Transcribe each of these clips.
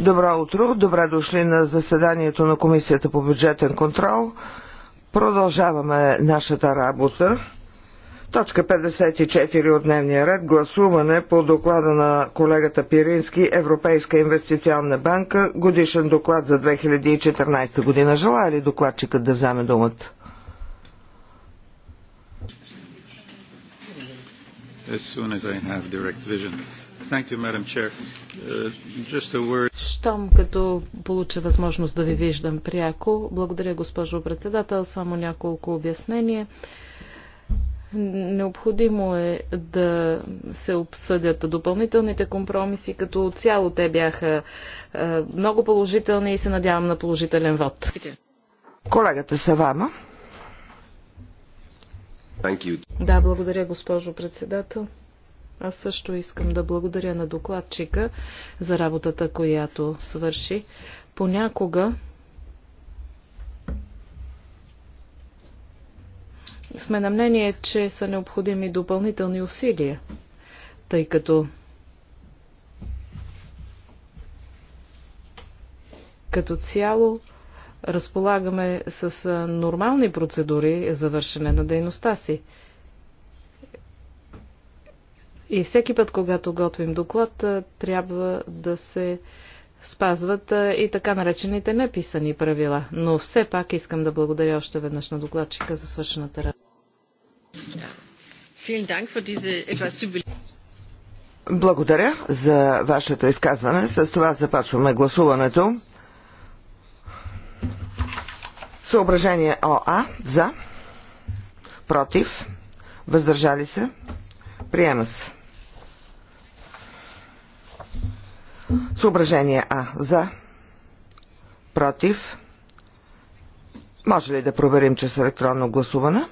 Добро утро, добре дошли на заседанието на Комисията по бюджетен контрол. Продължаваме нашата работа. Точка 54 от дневния ред гласуване по доклада на колегата Пирински Европейска инвестиционна банка годишен доклад за 2014 година. Желая ли докладчикът да вземе думата? as soon as I have direct vision. Uh, Щом като получа възможност да ви виждам пряко, благодаря госпожо председател, само няколко обяснения. Необходимо е да се обсъдят допълнителните компромиси, като цяло те бяха е, много положителни и се надявам на положителен вод. Колегата Савама. Да, благодаря госпожо председател. Аз също искам да благодаря на докладчика за работата, която свърши. Понякога сме на мнение, че са необходими допълнителни усилия, тъй като като цяло разполагаме с нормални процедури за вършене на дейността си. И всеки път, когато готвим доклад, трябва да се спазват и така наречените неписани правила. Но все пак искам да благодаря още веднъж на докладчика за свършената работа. Благодаря за вашето изказване. С това започваме гласуването. Съображение ОА за, против, въздържали се, приема се. Съображение А. За. Против. Може ли да проверим, че с електронно гласуване?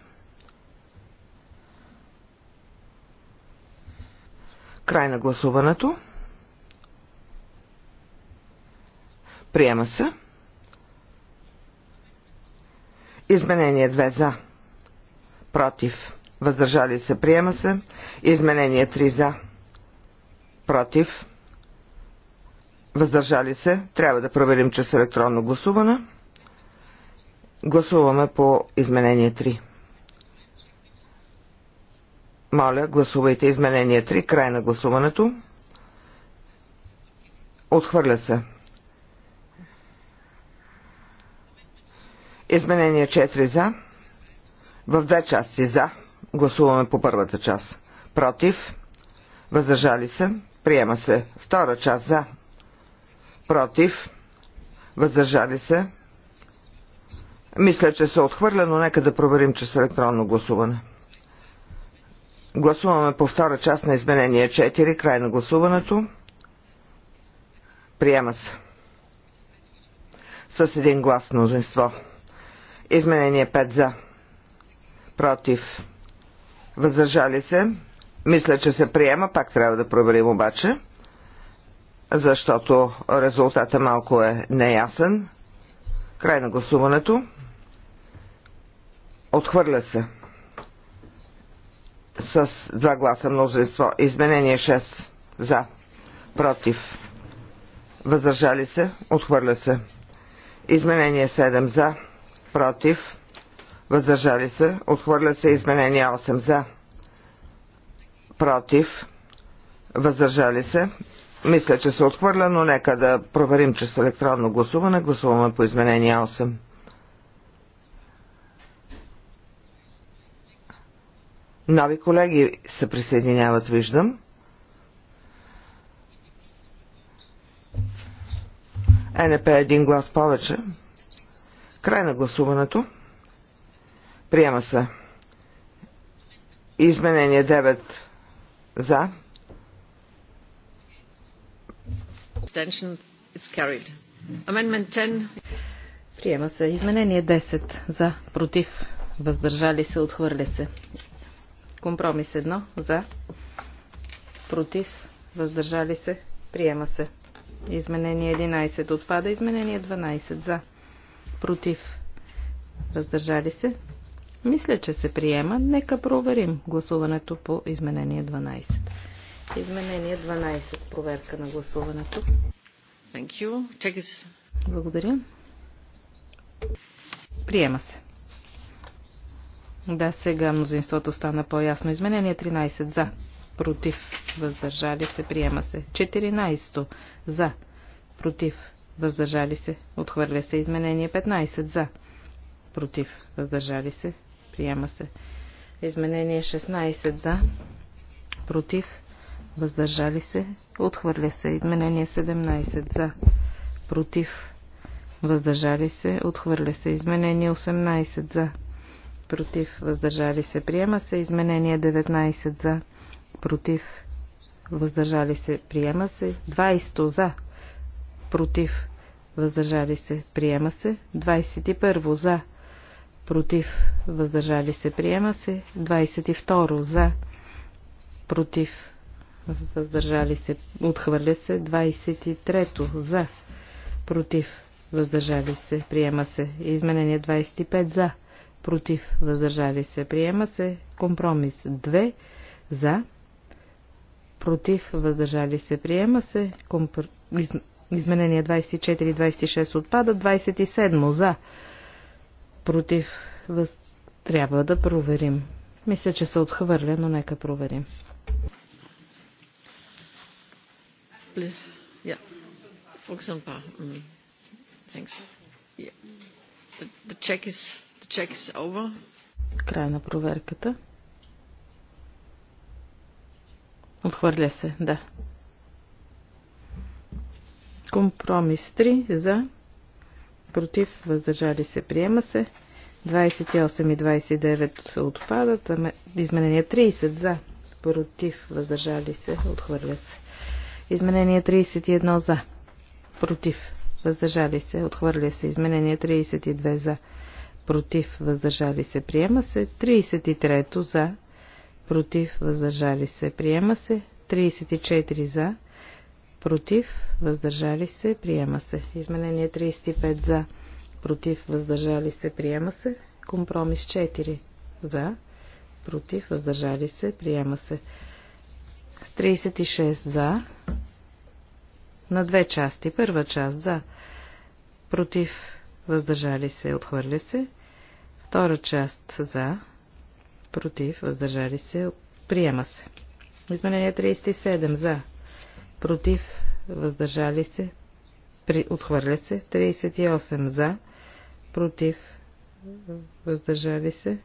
Край на гласуването. Приема се. Изменение 2 за. Против. Въздържали се. Приема се. Изменение 3 за. Против. Въздържали се. Трябва да проверим чрез електронно гласуване. Гласуваме по изменение 3. Моля, гласувайте изменение 3. Край на гласуването. Отхвърля се. Изменение 4 за. В две части за. Гласуваме по първата част. Против. Въздържали се. Приема се. Втора част за против, въздържали се. Мисля, че се отхвърля, но нека да проверим, че с електронно гласуване. Гласуваме по втора част на изменение 4, край на гласуването. Приема се. С един глас мнозинство. Изменение 5 за. Против. Въздържали се. Мисля, че се приема. Пак трябва да проверим обаче защото резултата малко е неясен. Край на гласуването. Отхвърля се с два гласа мнозинство. Изменение 6 за, против, въздържали се, отхвърля се. Изменение 7 за, против, въздържали се, отхвърля се. Изменение 8 за, против, въздържали се, мисля, че се отхвърля, но нека да проверим чрез електронно гласуване. Гласуваме по изменение 8. Нови колеги се присъединяват, виждам. НП е един глас повече. Край на гласуването. Приема се. Изменение 9 за. Приема се. Изменение 10. За. Против. Въздържали се. Отхвърля се. Компромис 1. За. Против. Въздържали се. Приема се. Изменение 11. Отпада. Изменение 12. За. Против. Въздържали се. Мисля, че се приема. Нека проверим гласуването по изменение 12. Изменение 12. Проверка на гласуването. Thank you. Check is... Благодаря. Приема се. Да, сега мнозинството стана по-ясно. Изменение 13. За. Против. Въздържали се. Приема се. 14. За. Против. Въздържали се. Отхвърля се. Изменение 15. За. Против. Въздържали се. Приема се. Изменение 16. За. Против въздържали се, отхвърля се. Изменение 17 за, против, въздържали се, отхвърля се. Изменение 18 за, против, въздържали се, приема се. Изменение 19 за, против, въздържали се, приема се. 20 за, против, въздържали се, приема се. 21 за, против, въздържали се, приема се. 22 за, против, въздържали се, отхвърля се. 23-то за, против, въздържали се, приема се. Изменение 25 за, против, въздържали се, приема се. Компромис 2 за, против, въздържали се, приема се. Компр... Из... Изменение 24-26 отпада. 27 за, против, въз... трябва да проверим. Мисля, че се отхвърля, но нека проверим please. Yeah. Mm. Thanks. Yeah. The, the check is the check is over. Край на проверката. Отхвърля се, да. Компромис 3 за против, въздържали се, приема се. 28 и 29 се отпадат. Изменение 30 за, против, въздържали се, отхвърля се. Изменение 31 за. Против. Въздържали се. Отхвърля се. Изменение 32 за. Против. Въздържали се. Приема се. 33 за. Против. Въздържали се. Приема се. 34 за. Против. Въздържали се. Приема се. Изменение 35 за. Против. Въздържали се. Приема се. Компромис 4 за. Против. Въздържали се. Приема се. С 36 за. На две части. Първа част за. Против. Въздържали се. Отхвърля се. Втора част за. Против. Въздържали се. Приема се. Изменение 37 за. Против. Въздържали се. При... Отхвърля се. 38 за. Против. Въздържали се.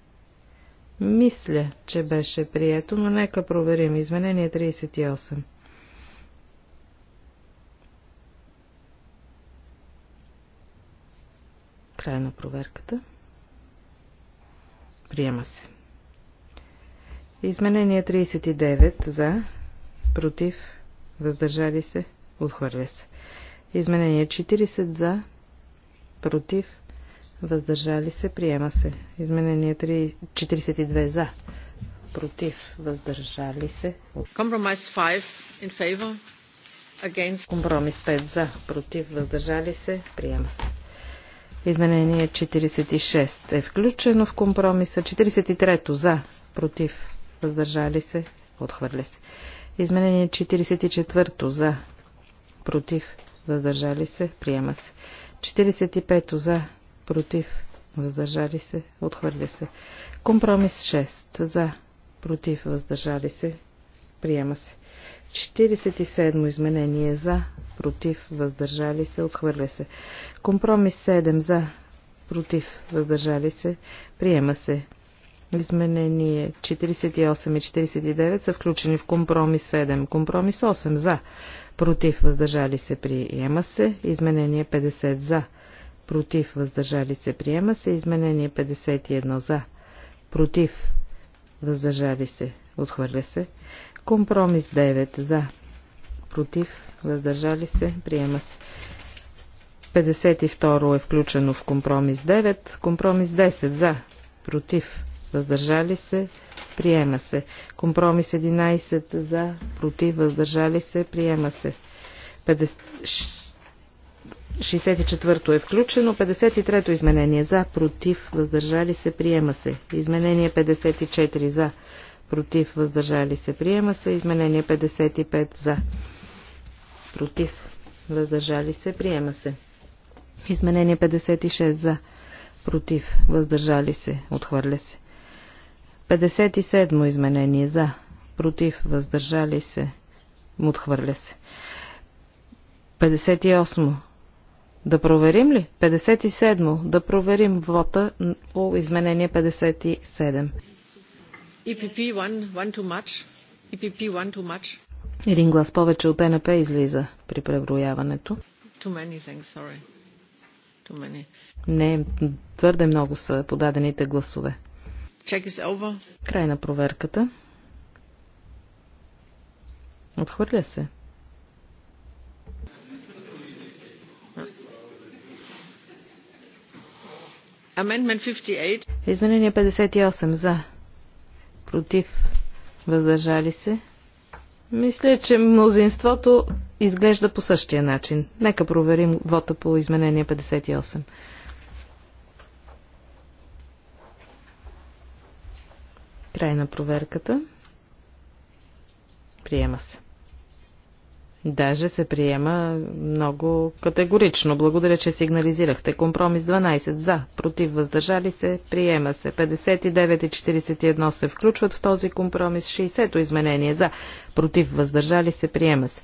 Мисля, че беше прието, но нека проверим. Изменение 38. Край на проверката. Приема се. Изменение 39 за, против, въздържали се, отхвърля се. Изменение 40 за, против, въздържали се, приема се. Изменение 3, 42 за, против, въздържали се. Компромис 5 in favor, against. Компромис 5 за, против, въздържали се, приема се. Изменение 46 е включено в компромиса. 43 за, против, въздържали се, отхвърля се. Изменение 44 за, против, въздържали се, приема се. 45 за, против, въздържали се, отхвърля се. Компромис 6 за, против, въздържали се, приема се. 47 изменение за, против, въздържали се, отхвърля се. Компромис 7 за, против, въздържали се, приема се. Изменение 48 и 49 са включени в компромис 7. Компромис 8 за, против, въздържали се, приема се. Изменение 50 за, против, въздържали се, приема се. Изменение 51 за, против, въздържали се, отхвърля се. Компромис 9 за, против, въздържали се, приема се. 52 е включено в компромис 9, компромис 10 за, против, въздържали се, приема се. Компромис 11 за, против, въздържали се, приема се. 50... 64-то е включено. 53-то изменение за, против, въздържали се, приема се. Изменение 54 за, против, въздържали се, приема се. Изменение 55 за, против, въздържали се, приема се. Изменение 56 за, против, въздържали се, отхвърля се. 57 изменение за, против, въздържали се, отхвърля се. 58 да проверим ли? 57. Да проверим вота по изменение 57. EPP too much. EPP too much. Един глас повече от НП излиза при преброяването. Too many things, sorry. Too many. Не, твърде много са подадените гласове. Check is over. Край на проверката. Отхвърля се. Изменение 58 за. Против. Въздържали се. Мисля, че мнозинството изглежда по същия начин. Нека проверим вота по изменение 58. Край на проверката. Приема се. Даже се приема много категорично. Благодаря, че сигнализирахте. Компромис 12 за, против въздържали се, приема се. 59 и 41 се включват в този компромис. 60-то изменение за, против въздържали се, приема се.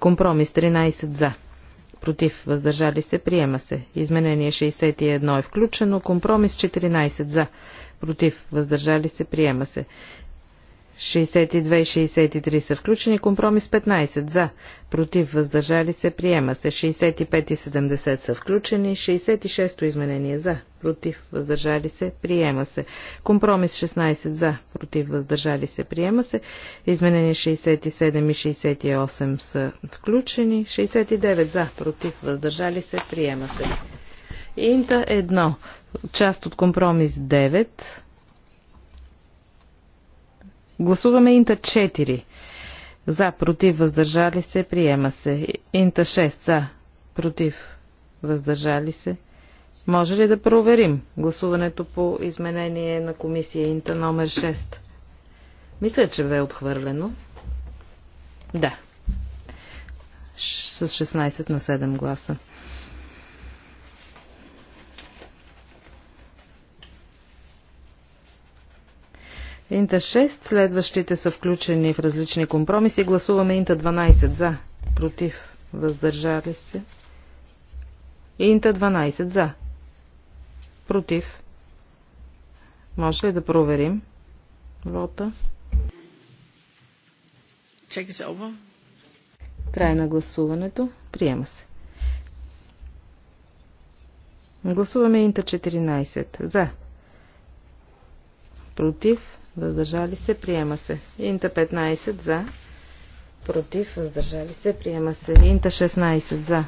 Компромис 13 за, против въздържали се, приема се. Изменение 61 е включено. Компромис 14 за, против въздържали се, приема се. 62 и 63 са включени. Компромис 15 за. Против въздържали се приема се. 65 и 70 са включени. 66-то изменение за. Против въздържали се приема се. Компромис 16 за. Против въздържали се приема се. Изменение 67 и 68 са включени. 69 за. Против въздържали се приема се. Инта 1. Част от компромис 9 Гласуваме Инта 4. За, против, въздържали се, приема се. Инта 6. За, против, въздържали се. Може ли да проверим гласуването по изменение на комисия Инта номер 6? Мисля, че бе отхвърлено. Да. С 16 на 7 гласа. Инта 6, следващите са включени в различни компромиси. Гласуваме Инта 12 за, против, въздържали се. Инта 12 за, против. Може ли да проверим вота? Чеки се оба. Край на гласуването. Приема се. Гласуваме Инта 14. За. Против въздържали се, приема се. Инта 15 за, против, въздържали се, приема се. Инта 16 за,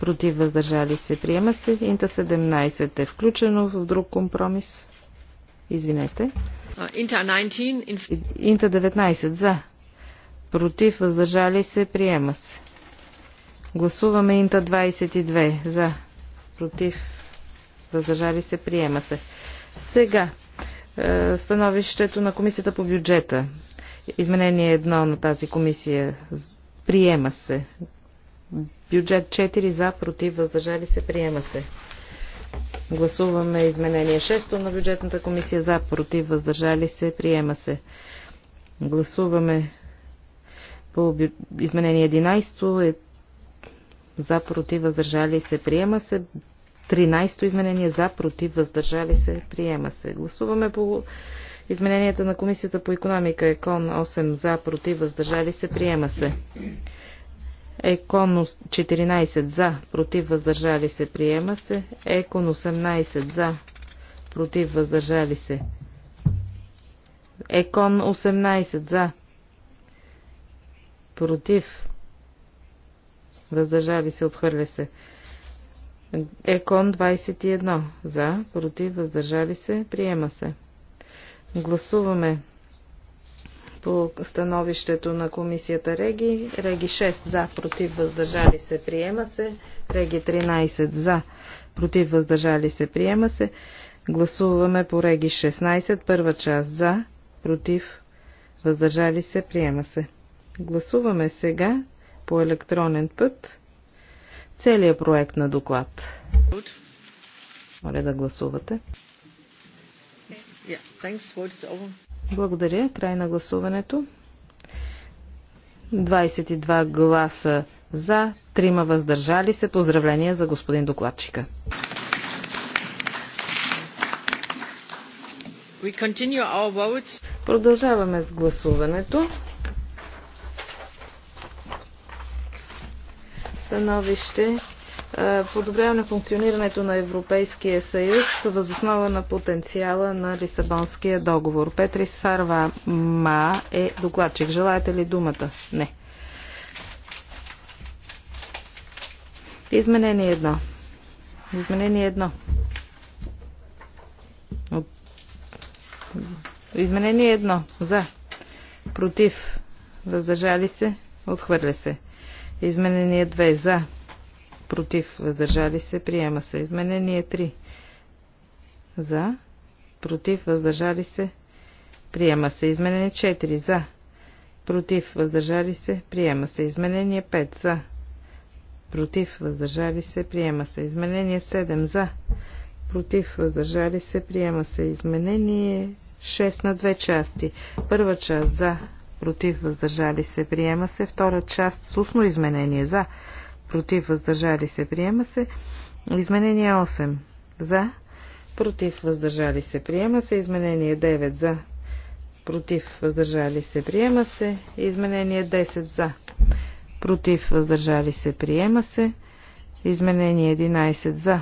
против, въздържали се, приема се. Инта 17 е включено в друг компромис. Извинете. Инта 19, Инта 19 за, против, въздържали се, приема се. Гласуваме Инта 22 за, против, въздържали се, приема се. Сега е, становището на Комисията по бюджета. Изменение едно на тази комисия приема се. Бюджет 4 за, против, въздържали се, приема се. Гласуваме изменение 6 на бюджетната комисия за, против, въздържали се, приема се. Гласуваме по изменение 11 е за, против, въздържали се, приема се. 13-то изменение за, против, въздържали се, приема се. Гласуваме по измененията на Комисията по економика ЕКОН 8 за, против, въздържали се, приема се. ЕКОН 14 за, против, въздържали се, приема се. ЕКОН 18 за, против, въздържали се. ЕКОН 18 за, против, въздържали се, отхвърля се. Екон 21. За, против, въздържали се, приема се. Гласуваме по становището на комисията Реги. Реги 6 за, против, въздържали се, приема се. Реги 13 за, против, въздържали се, приема се. Гласуваме по Реги 16, първа част за, против, въздържали се, приема се. Гласуваме сега по електронен път целият проект на доклад. Моля да гласувате. Благодаря. Край на гласуването. 22 гласа за, 3 въздържали се. Поздравления за господин докладчика. Продължаваме с гласуването. становище е, подобряване функционирането на Европейския съюз възоснова на потенциала на Лисабонския договор. Петри Сарва Ма е докладчик. Желаете ли думата? Не. Изменение едно. Изменение едно. Изменение едно. За. Против. Въздържали се. Отхвърля се. Изменение 2 за. Против. Въздържали се. Приема се. Изменение 3 за. Против. Въздържали се. Приема се. Изменение 4 за. Против. Въздържали се. Приема се. Изменение 5 за. Против. Въздържали се. Приема се. Изменение 7 за. Против. Въздържали се. Приема се. Изменение 6 на 2 части. Първа част за против въздържали се, приема се. Втора част с устно изменение за, против въздържали се, приема се. Изменение 8 за, против въздържали се, приема се. Изменение 9 за, против въздържали се, приема се. Изменение 10 за, против въздържали се, приема се. Изменение 11 за,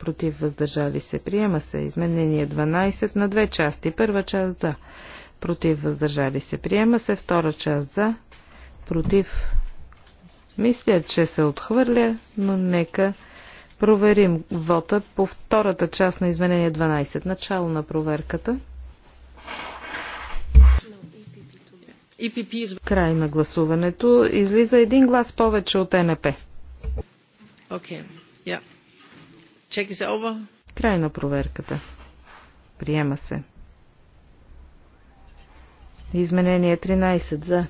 против въздържали се, приема се. Изменение 12 на две части. Първа част за, против въздържали се. Приема се втора част за, против. Мисля, че се отхвърля, но нека проверим вота по втората част на изменение 12. Начало на проверката. Край на гласуването. Излиза един глас повече от НП. Okay. Yeah. Край на проверката. Приема се. Изменение 13 за.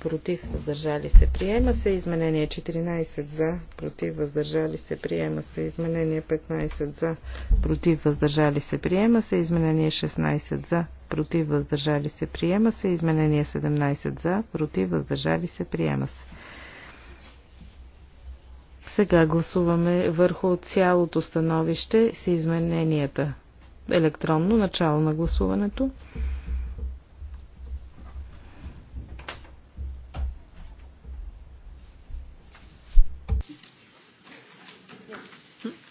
Против. Въздържали се. Приема се. Изменение 14 за. Против. Въздържали се. Приема се. Изменение 15 за. Против. Въздържали се. Приема се. Изменение 16 за. Против. Въздържали се. Приема се. Изменение 17 за. Против. Въздържали се. Приема се. Сега гласуваме върху цялото становище с измененията. Електронно начало на гласуването.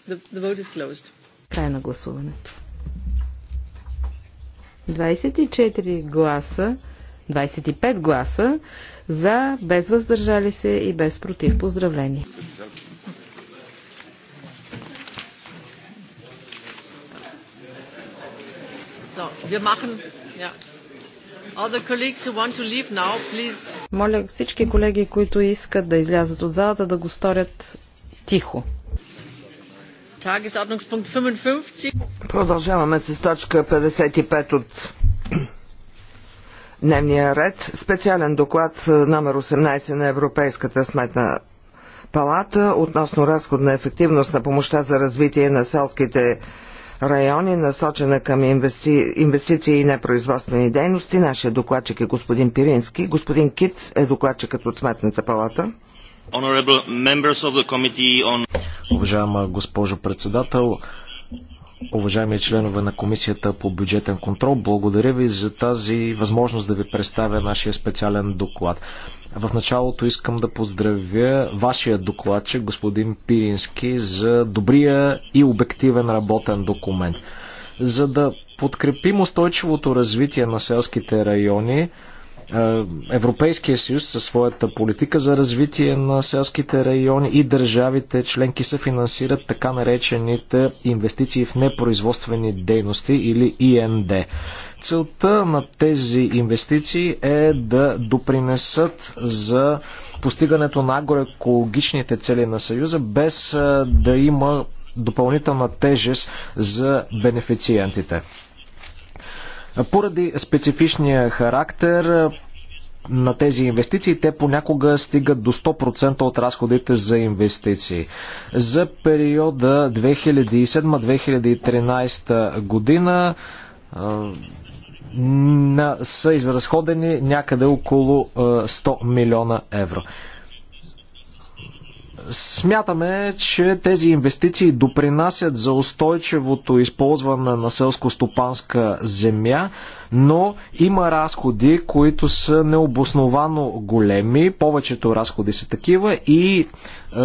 The, Край на гласуването. 24 гласа, 25 гласа за, без въздържали се и без против. Поздравление! So, machen, yeah. Моля всички колеги, които искат да излязат от залата, да го сторят тихо. Продължаваме с точка 55 от дневния ред. Специален доклад е, номер 18 на Европейската сметна палата относно разходна ефективност на помощта за развитие на селските райони, насочена към инвести... инвестиции и непроизводствени дейности. Нашия докладчик е господин Пирински. Господин Киц е докладчикът от Сметната палата. Уважаема госпожо председател, уважаеми членове на Комисията по бюджетен контрол, благодаря ви за тази възможност да ви представя нашия специален доклад. В началото искам да поздравя вашия докладчик, господин Пирински, за добрия и обективен работен документ. За да подкрепим устойчивото развитие на селските райони, е, Европейския съюз със своята политика за развитие на селските райони и държавите членки се финансират така наречените инвестиции в непроизводствени дейности или ИНД. Целта на тези инвестиции е да допринесат за постигането на агроекологичните цели на Съюза, без е, да има допълнителна тежест за бенефициентите. Поради специфичния характер на тези инвестиции, те понякога стигат до 100% от разходите за инвестиции. За периода 2007-2013 година са изразходени някъде около 100 милиона евро. Смятаме, че тези инвестиции допринасят за устойчивото използване на селско-стопанска земя, но има разходи, които са необосновано големи, повечето разходи са такива и е,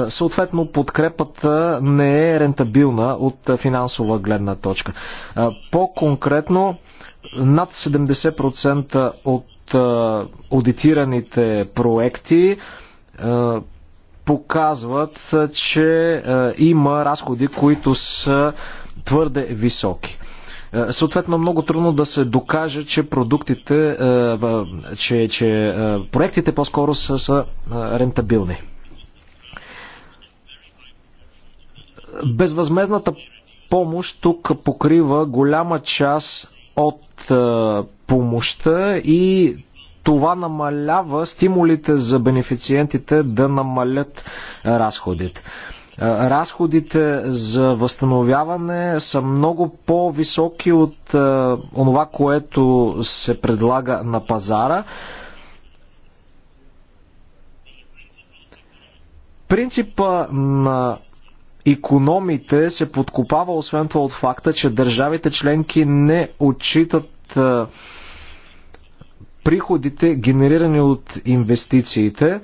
съответно подкрепата не е рентабилна от финансова гледна точка. Е, по-конкретно, над 70% от е, аудитираните проекти показват, че има разходи, които са твърде високи. Съответно, много трудно да се докаже, че продуктите, че, че проектите по-скоро са, са рентабилни. Безвъзмезната помощ тук покрива голяма част от помощта и това намалява стимулите за бенефициентите да намалят разходите. Разходите за възстановяване са много по-високи от това, което се предлага на пазара. Принципа на економите се подкопава освен това от факта, че държавите членки не отчитат приходите, генерирани от инвестициите,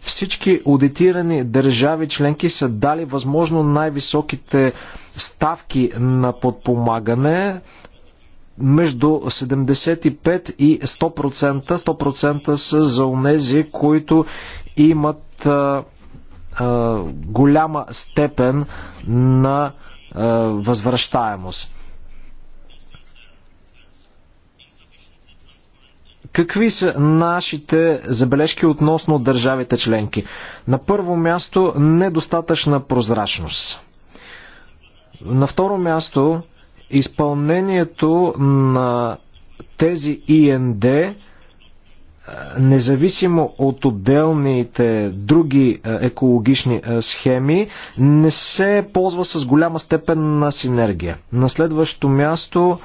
всички аудитирани държави членки са дали възможно най-високите ставки на подпомагане между 75 и 100%. 100% са за унези, които имат а, а, голяма степен на а, възвръщаемост. Какви са нашите забележки относно държавите членки? На първо място недостатъчна прозрачност. На второ място изпълнението на тези ИНД е, независимо от отделните други е, екологични е, схеми, не се ползва с голяма степен на синергия. На следващо място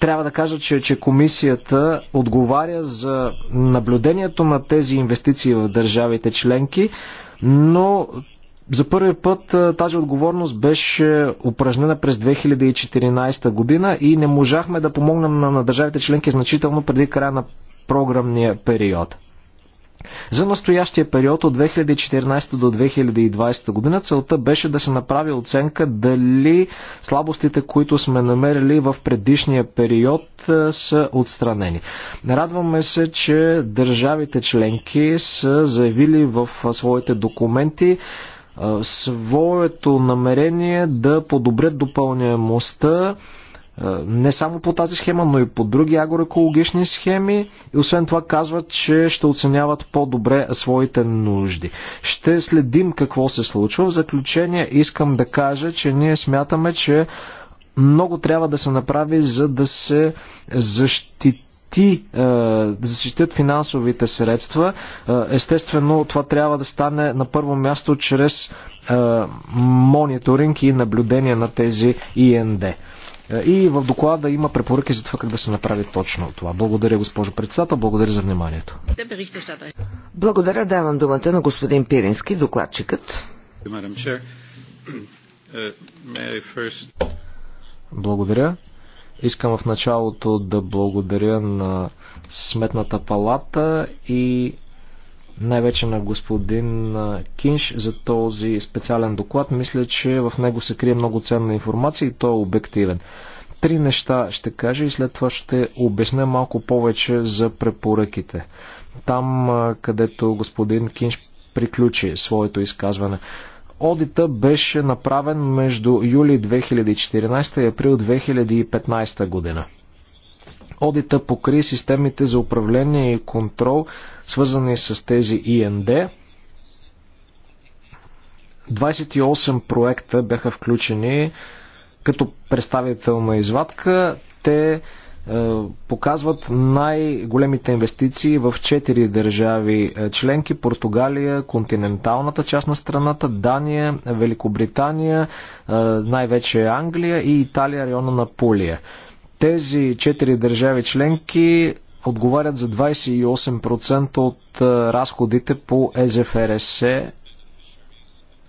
трябва да кажа, че, че комисията отговаря за наблюдението на тези инвестиции в държавите членки, но за първи път тази отговорност беше упражнена през 2014 година и не можахме да помогнем на, на държавите членки значително преди края на програмния период. За настоящия период от 2014 до 2020 година целта беше да се направи оценка дали слабостите, които сме намерили в предишния период е, са отстранени. Радваме се, че държавите членки са заявили в е, своите документи е, своето намерение да подобрят допълняемостта е, не само по тази схема, но и по други агроекологични схеми и освен това казват, че ще оценяват по-добре своите нужди. Ще следим какво се случва. В заключение искам да кажа, че ние смятаме, че много трябва да се направи, за да се защити е, да защитят финансовите средства. Е, естествено, това трябва да стане на първо място чрез мониторинг и наблюдение на тези ИНД. Е, и в доклада има препоръки за това как да се направи точно това. Благодаря, госпожо председател. Благодаря за вниманието. Благодаря. Давам думата на господин Пирински, докладчикът. Uh, благодаря. Искам в началото да благодаря на Сметната палата и най-вече на господин Кинш за този специален доклад. Мисля, че в него се крие много ценна информация и той е обективен. Три неща ще кажа и след това ще обясня малко повече за препоръките. Там, където господин Кинш приключи своето изказване. Одита беше направен между юли 2014 и април 2015 година. Одита покри системите за управление и контрол, свързани с тези ИНД. 28 проекта бяха включени като представителна извадка. Те е, показват най-големите инвестиции в 4 държави е, членки Португалия, континенталната част на страната, Дания, Великобритания, е, най-вече Англия и Италия, района на Пулия. Тези четири държави членки отговарят за 28% от разходите по ЕЗФРС е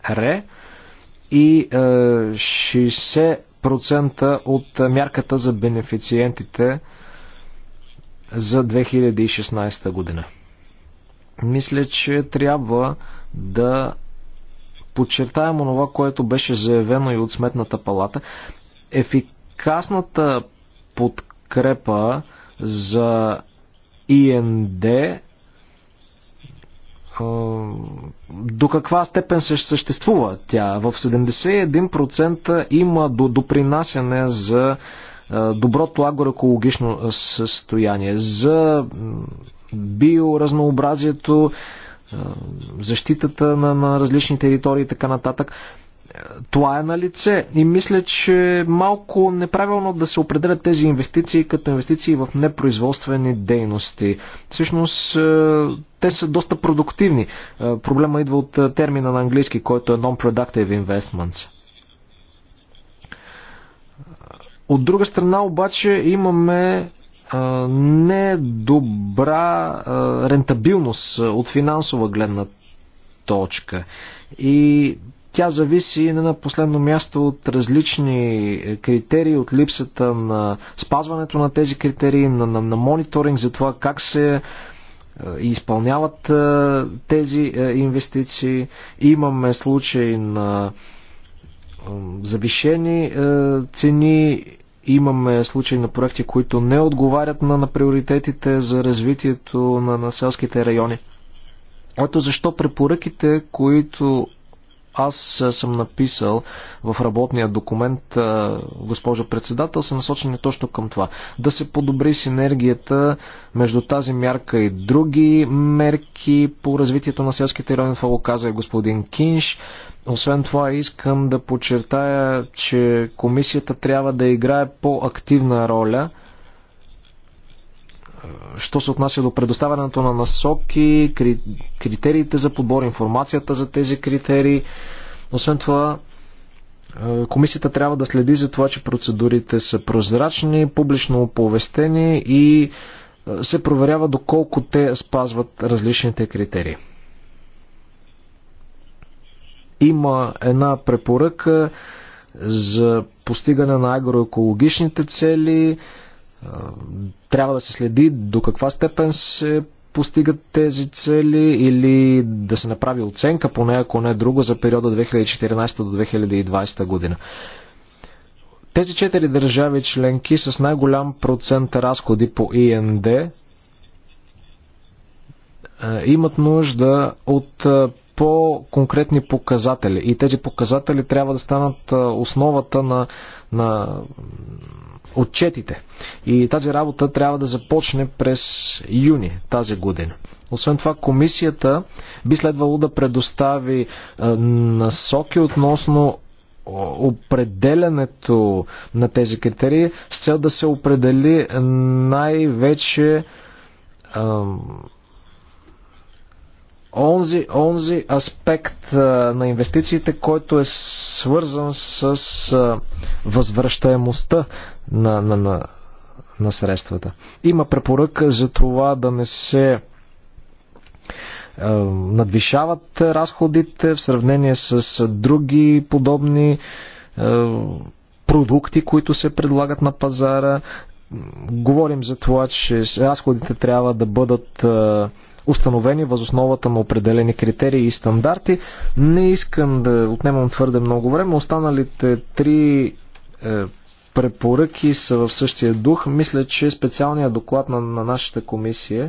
РЕ и 60% от мярката за бенефициентите за 2016 година. Мисля, че трябва да подчертаем онова, което беше заявено и от Сметната палата. Ефикасната подкрепа за ИНД. До каква степен се съществува тя? В 71% има допринасяне за доброто агроекологично състояние, за биоразнообразието, защитата на, на различни територии и така нататък това е на лице. И мисля, че малко неправилно да се определят тези инвестиции като инвестиции в непроизводствени дейности. Всъщност, е, те са доста продуктивни. Е, проблема идва от е, термина на английски, който е non-productive investments. От друга страна обаче имаме недобра рентабилност от финансова гледна точка. И тя зависи и на последно място от различни е, критерии, от липсата на спазването на тези критерии, на, на, на мониторинг за това как се е, изпълняват е, тези инвестиции. Имаме случаи на завишени цени, имаме случаи на проекти, които не отговарят на, на приоритетите за развитието на, на селските райони. Ето защо препоръките, които аз е, съм написал в работния документ, е, госпожо председател, са насочени точно към това. Да се подобри синергията между тази мярка и други мерки по развитието на селските райони, това го каза и господин Кинш. Освен това искам да подчертая, че комисията трябва да играе по-активна роля – що се отнася до предоставянето на насоки, критериите за подбор, информацията за тези критерии. Освен това, е, комисията трябва да следи за това, че процедурите са прозрачни, публично оповестени и е, се проверява доколко те спазват различните критерии. Има една препоръка за постигане на агроекологичните цели, трябва да се следи до каква степен се постигат тези цели или да се направи оценка, поне ако не е друго, за периода 2014 до 2020 година. Тези четири държави членки с най-голям процент разходи по ИНД е, имат нужда от е, по-конкретни показатели. И тези показатели трябва да станат е, основата на, на отчетите. И тази работа трябва да започне през юни тази година. Освен това, комисията би следвало да предостави е, насоки относно определянето на тези критерии с цел да се определи най-вече онзи, онзи аспект на инвестициите, който е свързан с възвръщаемостта на, на, на, на средствата. Има препоръка за това да не се надвишават разходите в сравнение с други подобни продукти, които се предлагат на пазара. Говорим за това, че разходите трябва да бъдат установени възосновата на определени критерии и стандарти. Не искам да отнемам твърде много време. Останалите три е, препоръки са в същия дух. Мисля, че специалният доклад на, на нашата комисия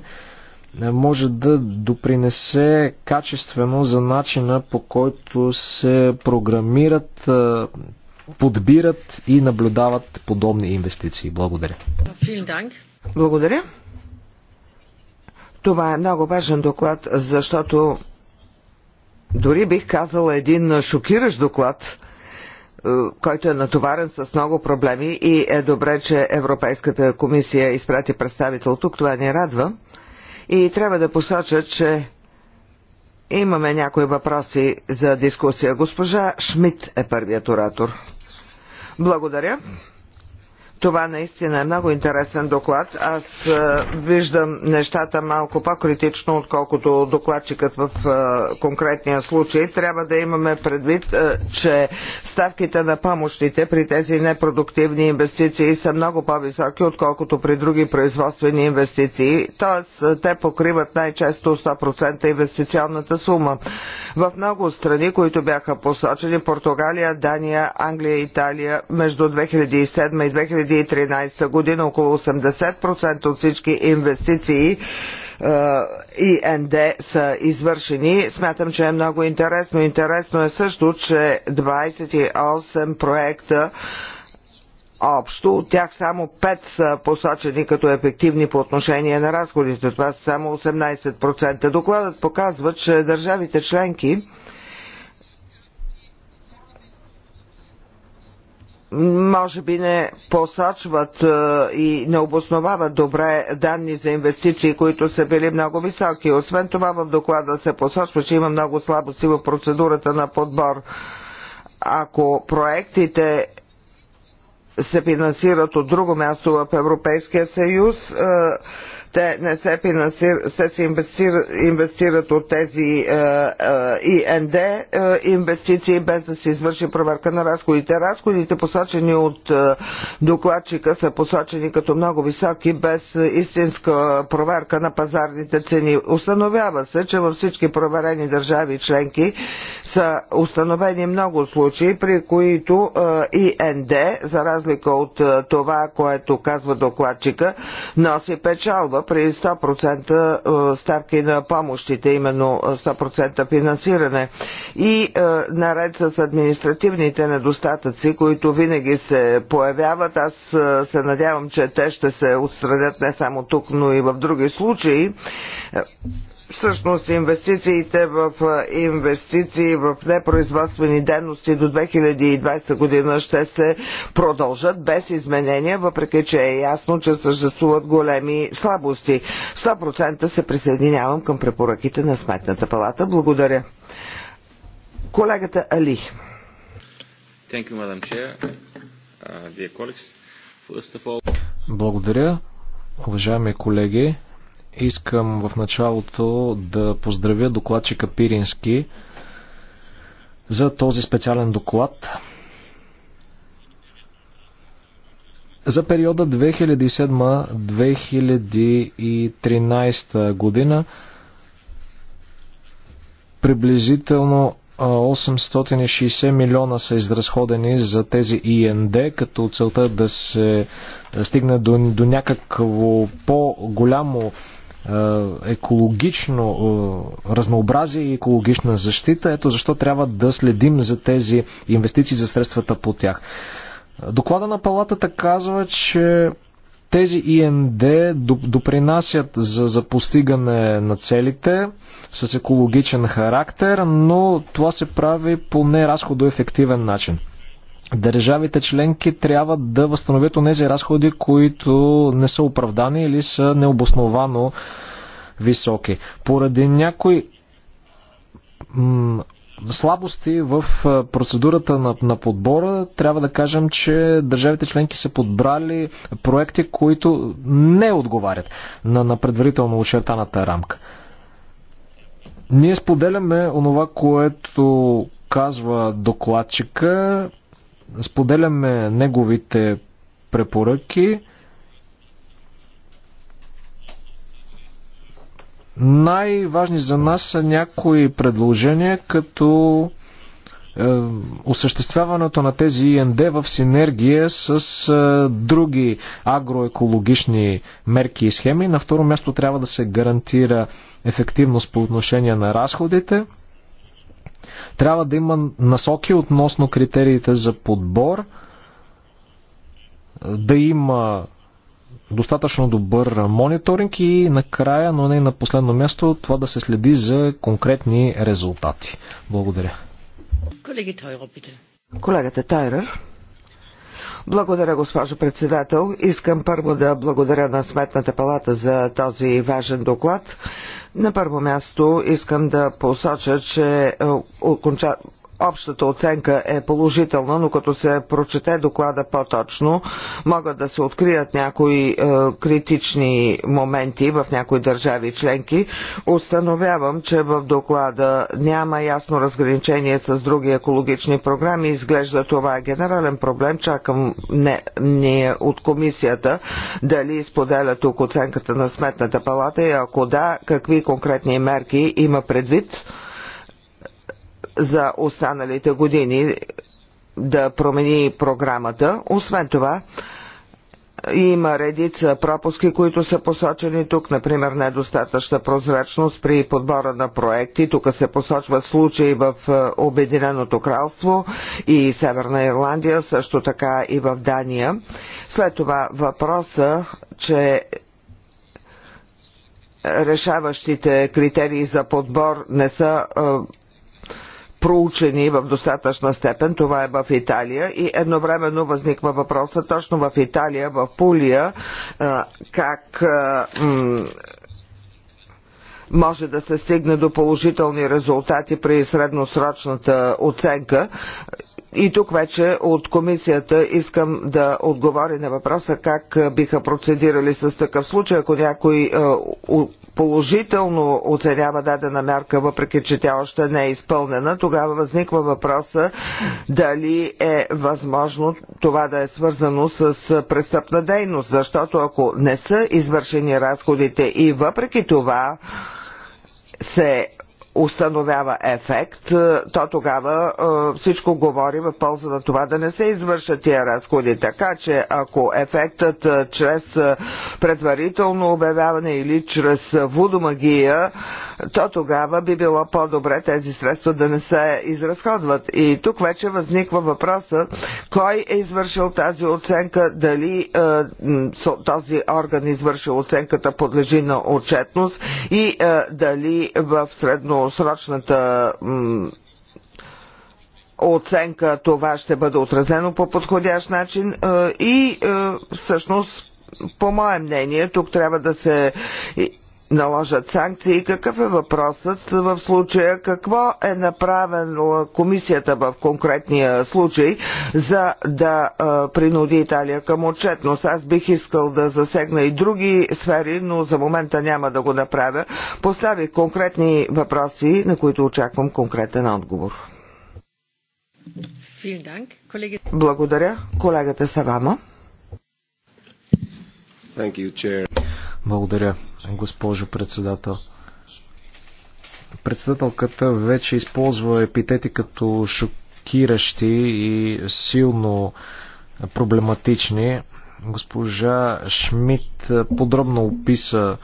е, може да допринесе качествено за начина по който се програмират, е, подбират и наблюдават подобни инвестиции. Благодаря. Благодаря. Това е много важен доклад, защото дори бих казала един шокиращ доклад, е, който е натоварен с много проблеми и е добре, че Европейската комисия изпрати представител тук. Това ни радва. И трябва да посоча, че имаме някои въпроси за дискусия. Госпожа Шмидт е първият оратор. Благодаря. Това наистина е много интересен доклад. Аз е, виждам нещата малко по-критично, отколкото докладчикът в е, конкретния случай. Трябва да имаме предвид, е, че ставките на помощите при тези непродуктивни инвестиции са много по-високи, отколкото при други производствени инвестиции. Тоест, те покриват най-често 100% инвестиционната сума. В много страни, които бяха посочени, Португалия, Дания, Англия, Италия, между 2007 и 2000 2013 година около 80% от всички инвестиции е, и НД са извършени. Смятам, че е много интересно. Интересно е също, че 28 проекта Общо от тях само 5 са посочени като ефективни по отношение на разходите. Това са само 18%. Докладът показва, че държавите членки може би не посочват е, и не обосновават добре данни за инвестиции, които са били много високи. Освен това в доклада се посочва, че има много слабости в процедурата на подбор. Ако проектите се финансират от друго място в Европейския съюз, е, те не се, се, се инвестират, инвестират от тези е, е, ИНД е, инвестиции, без да се извърши проверка на разходите. Разходите, посочени от е, докладчика, са посочени като много високи, без истинска проверка на пазарните цени. Установява се, че във всички проверени държави и членки са установени много случаи, при които е, ИНД, за разлика от е, това, което казва докладчика, носи печалба при 100% е, ставки на помощите, именно 100% е, финансиране. И е, наред с административните недостатъци, които винаги се появяват, аз се надявам, че те ще се отстранят не само тук, но и в други случаи. Всъщност инвестициите в инвестиции в непроизводствени дейности до 2020 година ще се продължат без изменения, въпреки че е ясно, че съществуват големи слабости. 100% се присъединявам към препоръките на Сметната палата. Благодаря. Колегата Али. Uh, Благодаря, уважаеми колеги. Искам в началото да поздравя докладчика Пирински за този специален доклад. За периода 2007-2013 година приблизително 860 милиона са изразходени за тези ИНД, като целта да се стигне до, до някакво по-голямо е, екологично е, разнообразие и екологична защита. Ето защо трябва да следим за тези инвестиции за средствата по тях. Доклада на палатата казва, че тези ИНД допринасят за, за постигане на целите с екологичен характер, но това се прави по неразходоефективен начин държавите членки трябва да възстановят онези разходи, които не са оправдани или са необосновано високи. Поради някои слабости в процедурата на, на подбора, трябва да кажем, че държавите членки са подбрали проекти, които не отговарят на, на предварително очертаната рамка. Ние споделяме онова, което казва докладчика Споделяме неговите препоръки. Най-важни за нас са някои предложения, като е, осъществяването на тези ИНД в синергия с е, други агроекологични мерки и схеми. На второ място трябва да се гарантира ефективност по отношение на разходите. Трябва да има насоки относно критериите за подбор, да има достатъчно добър мониторинг и накрая, но не на последно място, това да се следи за конкретни резултати. Благодаря. Колеги Тойро, Колегата Тайрър, благодаря, госпожо председател. Искам първо да благодаря на Сметната палата за този важен доклад. На първо място искам да посоча, че е, общата оценка е положителна, но като се прочете доклада по-точно, могат да се открият някои е, критични моменти в някои държави членки. Установявам, че в доклада няма ясно разграничение с други екологични програми. Изглежда това е генерален проблем. Чакам не, не от комисията дали споделя тук оценката на Сметната палата и ако да, какви конкретни мерки има предвид за останалите години да промени програмата. Освен това, има редица пропуски, които са посочени тук, например недостатъчна прозрачност при подбора на проекти. Тук се посочват случаи в е, Обединеното кралство и Северна Ирландия, също така и в Дания. След това въпроса, че решаващите критерии за подбор не са е, проучени в достатъчна степен, това е в Италия и едновременно възниква въпроса точно в Италия, в Пулия, как може да се стигне до положителни резултати при средносрочната оценка. И тук вече от комисията искам да отговори на въпроса как биха процедирали с такъв случай, ако някой положително оценява дадена мярка, въпреки че тя още не е изпълнена, тогава възниква въпроса дали е възможно това да е свързано с престъпна дейност, защото ако не са извършени разходите и въпреки това се установява ефект, е, то тогава е, всичко говори в полза на това да не се извършат тия разходи. Така че ако ефектът е, чрез предварително обявяване или чрез водомагия, то тогава би било по-добре тези средства да не се изразходват. И тук вече възниква въпроса, кой е извършил тази оценка, дали този орган извършил оценката подлежи на отчетност и дали в средно средносрочната оценка това ще бъде отразено по подходящ начин е, и е, всъщност по мое мнение тук трябва да се наложат санкции. Какъв е въпросът в случая? Какво е направила комисията в конкретния случай, за да принуди Италия към отчетност? Аз бих искал да засегна и други сфери, но за момента няма да го направя. Поставих конкретни въпроси, на които очаквам конкретен отговор. Благодаря. Колегата Савама. You, благодаря, госпожо председател. Председателката вече използва епитети като шокиращи и силно проблематични. Госпожа Шмидт подробно описа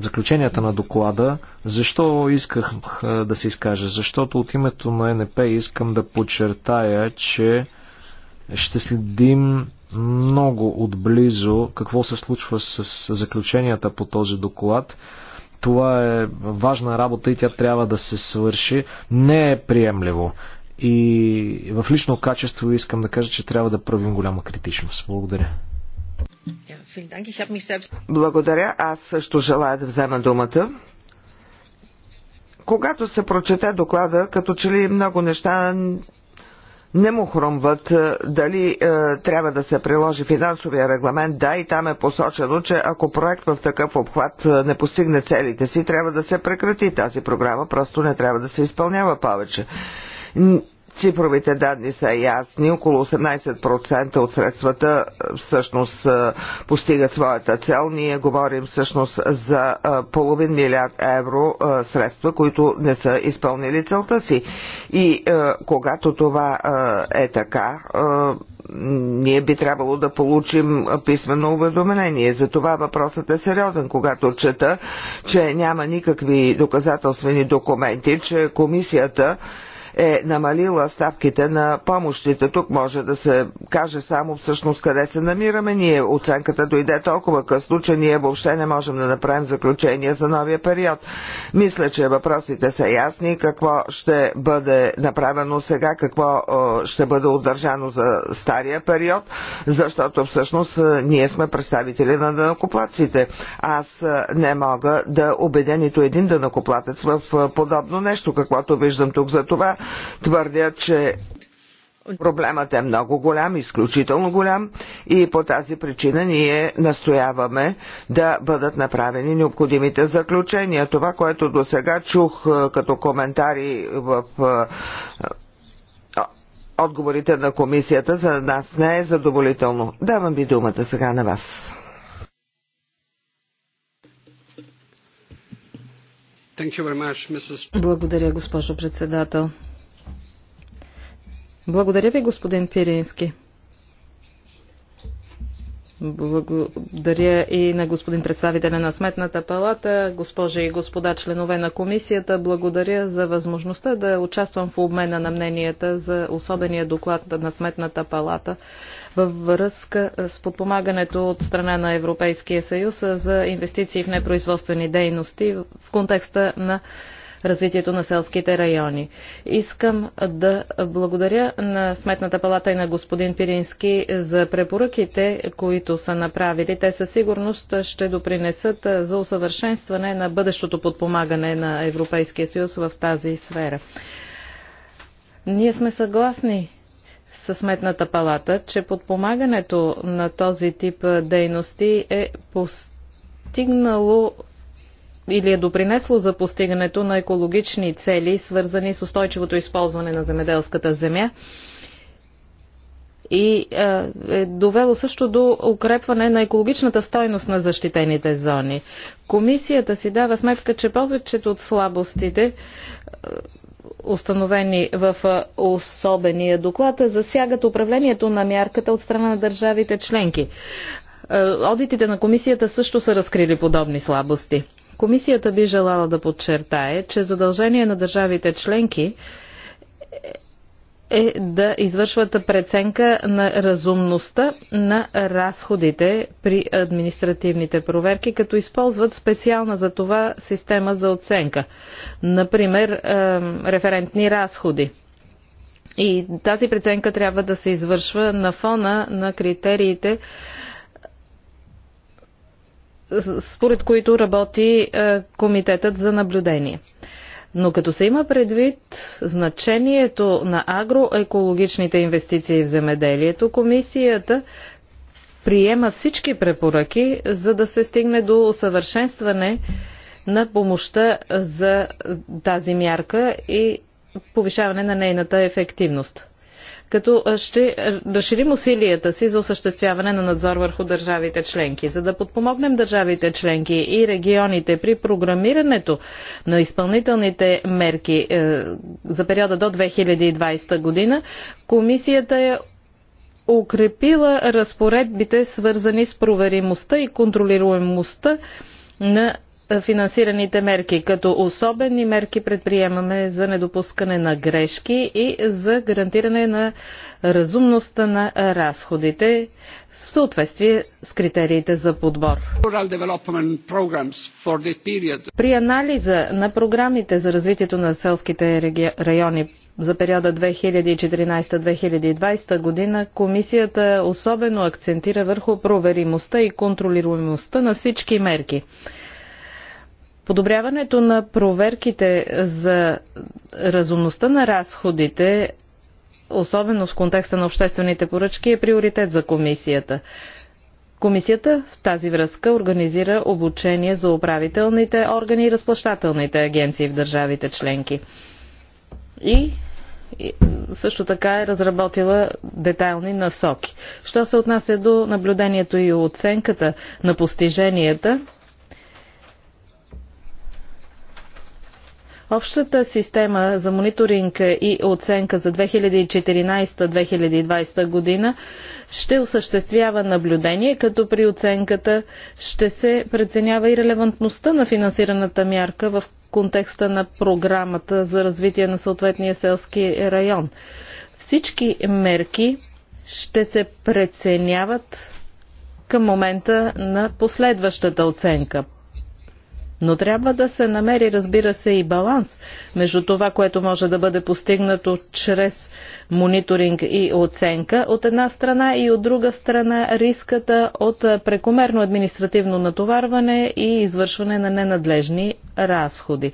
заключенията на доклада. Защо исках да се изкажа? Защото от името на НП искам да подчертая, че ще следим много отблизо какво се случва с заключенията по този доклад. Това е важна работа и тя трябва да се свърши. Не е приемливо. И в лично качество искам да кажа, че трябва да правим голяма критичност. Благодаря. Благодаря. Аз също желая да взема думата. Когато се прочете доклада, като че ли много неща не му хрумват е, дали е, трябва да се приложи финансовия регламент. Да, и там е посочено, че ако проект в такъв обхват е, не постигне целите си, трябва да се прекрати тази програма, просто не трябва да се изпълнява повече. Цифровите данни са ясни. Около 18% от средствата е, всъщност е, постигат своята цел. Ние говорим всъщност за е, половин милиард евро средства, които не са изпълнили целта си. И когато това е така, ние би трябвало да получим писмено уведомление. За това въпросът е сериозен, когато чета, че няма никакви доказателствени документи, че комисията е намалила ставките на помощите. Тук може да се каже само всъщност къде се намираме. Ние оценката дойде толкова късно, че ние въобще не можем да направим заключение за новия период. Мисля, че въпросите са ясни. Какво ще бъде направено сега, какво ще бъде удържано за стария период, защото всъщност е, ние сме представители на дънакоплаците. Аз е, не мога да убедя нито един дънакоплатец в е, подобно нещо, каквото виждам тук. За това твърдя, че Проблемът е много голям, изключително голям и по тази причина ние настояваме да бъдат направени необходимите заключения. Това, което до сега чух е, като коментари в е, отговорите на комисията, за нас не е задоволително. Давам ви думата сега на вас. Благодаря, госпожо председател. Благодаря ви, господин Пирински. Благодаря и на господин представителя на Сметната палата, госпожи и господа членове на комисията. Благодаря за възможността да участвам в обмена на мненията за особения доклад на Сметната палата във връзка с подпомагането от страна на Европейския съюз за инвестиции в непроизводствени дейности в контекста на развитието на селските райони. Искам да благодаря на Сметната палата и на господин Пирински за препоръките, които са направили. Те със сигурност ще допринесат за усъвършенстване на бъдещото подпомагане на Европейския съюз в тази сфера. Ние сме съгласни със Сметната палата, че подпомагането на този тип дейности е постигнало или е допринесло за постигането на екологични цели, свързани с устойчивото използване на земеделската земя и е, е довело също до укрепване на екологичната стойност на защитените зони. Комисията си дава сметка, че повечето от слабостите, е, установени в е, особения доклад, засягат управлението на мярката от страна на държавите членки. Одитите на комисията също са разкрили подобни слабости. Комисията би желала да подчертае, че задължение на държавите членки е да извършват преценка на разумността на разходите при административните проверки, като използват специална за това система за оценка. Например, референтни разходи. И тази преценка трябва да се извършва на фона на критериите според които работи е, Комитетът за наблюдение. Но като се има предвид значението на агроекологичните инвестиции в земеделието, комисията приема всички препоръки, за да се стигне до усъвършенстване на помощта за тази мярка и повишаване на нейната ефективност като ще разширим усилията си за осъществяване на надзор върху държавите членки. За да подпомогнем държавите членки и регионите при програмирането на изпълнителните мерки е, за периода до 2020 година, комисията е укрепила разпоредбите, свързани с проверимостта и контролируемостта на финансираните мерки, като особени мерки предприемаме за недопускане на грешки и за гарантиране на разумността на разходите в съответствие с критериите за подбор. При анализа на програмите за развитието на селските райони за периода 2014-2020 година комисията особено акцентира върху проверимостта и контролируемостта на всички мерки. Подобряването на проверките за разумността на разходите, особено в контекста на обществените поръчки, е приоритет за комисията. Комисията в тази връзка организира обучение за управителните органи и разплащателните агенции в държавите членки. И също така е разработила детайлни насоки. Що се отнася до наблюдението и оценката на постиженията, Общата система за мониторинг и оценка за 2014-2020 година ще осъществява наблюдение, като при оценката ще се преценява и релевантността на финансираната мярка в контекста на програмата за развитие на съответния селски район. Всички мерки ще се преценяват към момента на последващата оценка. Но трябва да се намери, разбира се, и баланс между това, което може да бъде постигнато чрез мониторинг и оценка от една страна и от друга страна риската от прекомерно административно натоварване и извършване на ненадлежни разходи.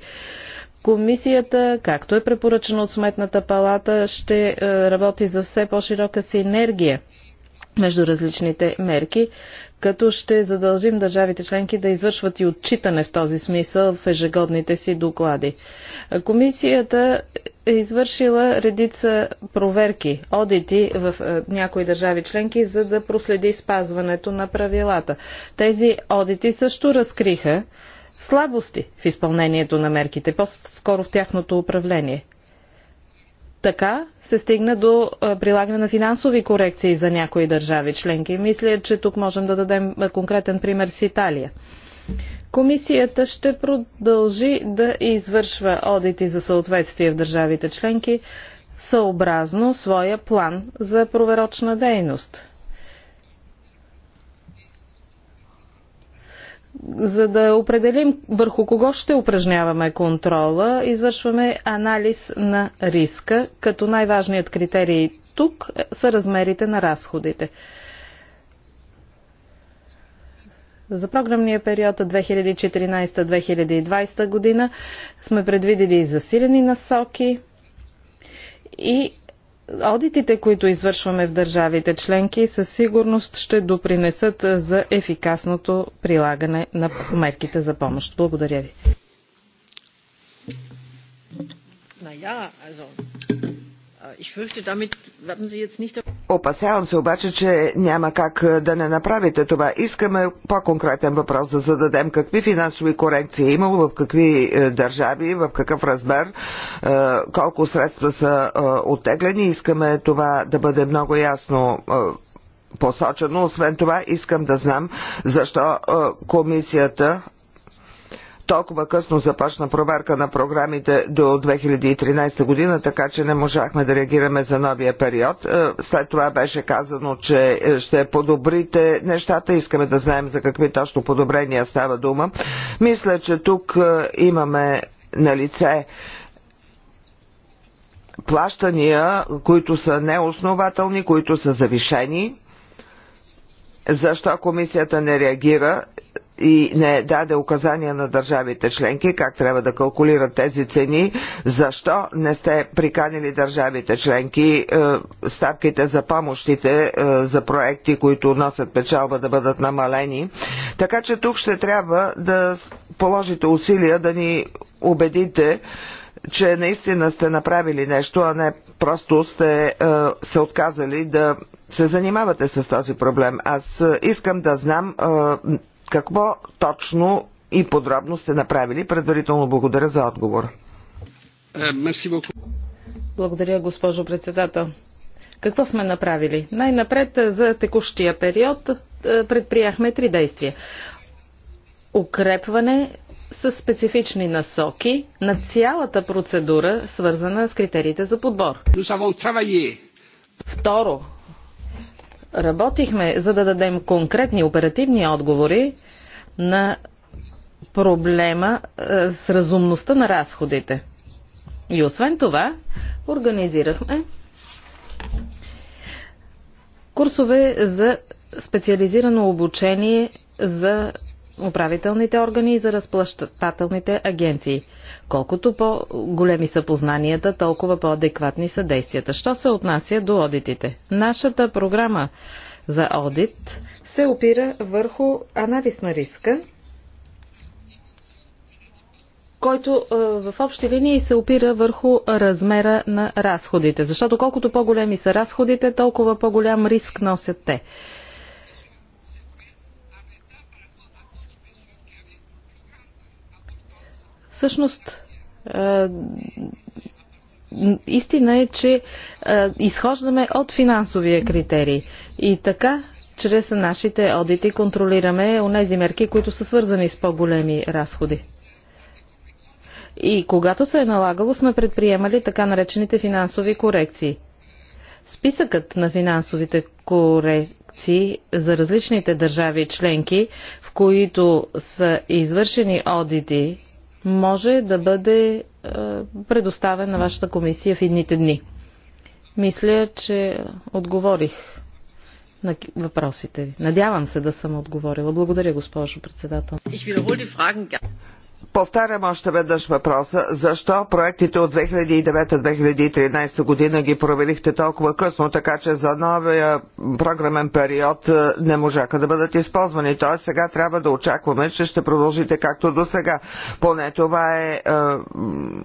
Комисията, както е препоръчено от Сметната палата, ще е, работи за все по-широка синергия между различните мерки, като ще задължим държавите членки да извършват и отчитане в този смисъл в ежегодните си доклади. Комисията е извършила редица проверки, одити в е, някои държави членки, за да проследи спазването на правилата. Тези одити също разкриха слабости в изпълнението на мерките, по-скоро в тяхното управление. Така се стигна до прилагане на финансови корекции за някои държави членки. Мисля, че тук можем да дадем конкретен пример с Италия. Комисията ще продължи да извършва одити за съответствие в държавите членки съобразно своя план за проверочна дейност. за да определим върху кого ще упражняваме контрола, извършваме анализ на риска, като най-важният критерий тук са размерите на разходите. За програмния период 2014-2020 година сме предвидели засилени насоки и Одитите, които извършваме в държавите членки, със сигурност ще допринесат за ефикасното прилагане на мерките за помощ. Благодаря ви. Äh, Опасявам се обаче, че няма как э, да не направите това. Искаме по-конкретен въпрос да зададем. Какви финансови корекции е имало, в какви э, държави, в какъв размер, э, колко средства са оттеглени. Искаме това да бъде много ясно посочено. Освен това, искам да знам защо комисията толкова късно започна проверка на програмите до 2013 година, така че не можахме да реагираме за новия период. Е, след това беше казано, че е, ще подобрите нещата. Искаме да знаем за какви точно подобрения става дума. Мисля, че тук е, имаме на лице плащания, които са неоснователни, които са завишени. Защо комисията не реагира? и не даде указания на държавите членки как трябва да калкулират тези цени, защо не сте приканили държавите членки е, ставките за помощите е, за проекти, които носят печалба да бъдат намалени. Така че тук ще трябва да положите усилия да ни убедите, че наистина сте направили нещо, а не просто сте е, се отказали да се занимавате с този проблем. Аз е, искам да знам какво точно и подробно сте направили. Предварително благодаря за отговор. Е, благодаря, госпожо председател. Какво сме направили? Най-напред е, за текущия период е, предприяхме три действия. Укрепване с специфични насоки на цялата процедура, свързана с критериите за подбор. Второ, Работихме за да дадем конкретни оперативни отговори на проблема е, с разумността на разходите. И освен това, организирахме курсове за специализирано обучение за управителните органи и за разплащателните агенции. Колкото по-големи са познанията, толкова по-адекватни са действията. Що се отнася до одитите? Нашата програма за одит се опира върху анализ на риска, който е, в общи линии се опира върху размера на разходите. Защото колкото по-големи са разходите, толкова по-голям риск носят те. Всъщност, е, истина е, че е, изхождаме от финансовия критерий. И така, чрез нашите одити, контролираме онези мерки, които са свързани с по-големи разходи. И когато се е налагало, сме предприемали така наречените финансови корекции. Списъкът на финансовите корекции за различните държави членки, в които са извършени одити може да бъде е, предоставен на вашата комисия в едните дни. Мисля, че отговорих на въпросите ви. Надявам се да съм отговорила. Благодаря, госпожо председател. Повтарям още веднъж въпроса, защо проектите от 2009-2013 година ги проверихте толкова късно, така че за новия програмен период е, не можаха да бъдат използвани. Т.е. сега трябва да очакваме, че ще продължите както до сега. Поне това е, е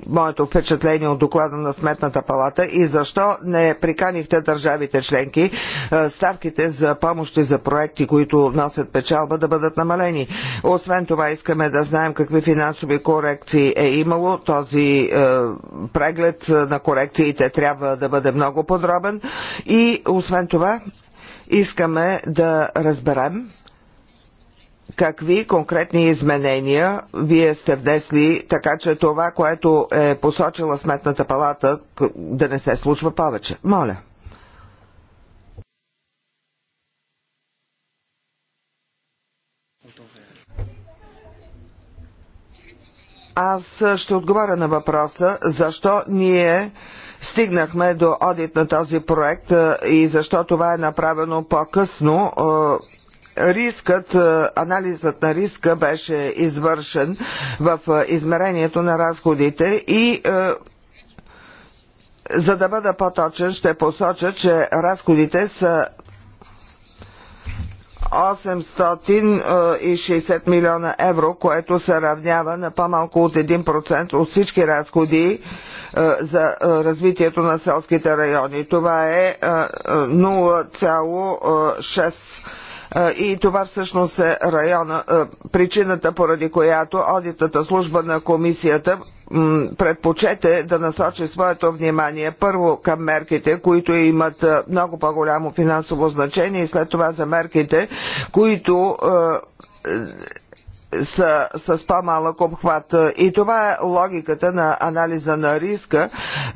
моето впечатление от доклада на Сметната палата и защо не приканихте държавите членки е, ставките за помощи за проекти, които носят печалба, да бъдат намалени. Освен това искаме да знаем какви финансови финансови корекции е имало. Този е, преглед на корекциите трябва да бъде много подробен. И освен това, искаме да разберем какви конкретни изменения вие сте внесли, така че това, което е посочила Сметната палата, да не се случва повече. Моля. Аз ще отговаря на въпроса защо ние стигнахме до одит на този проект и защо това е направено по-късно. Рискът, анализът на риска беше извършен в измерението на разходите и за да бъда по-точен, ще посоча, че разходите са 860 милиона евро, което се равнява на по-малко от 1% от всички разходи е, за е, развитието на селските райони. Това е 0,6 е, и това всъщност е района, причината поради която одитната служба на комисията предпочете да насочи своето внимание първо към мерките, които имат много по-голямо финансово значение и след това за мерките, които с, с по-малък обхват. И това е логиката на анализа на риска,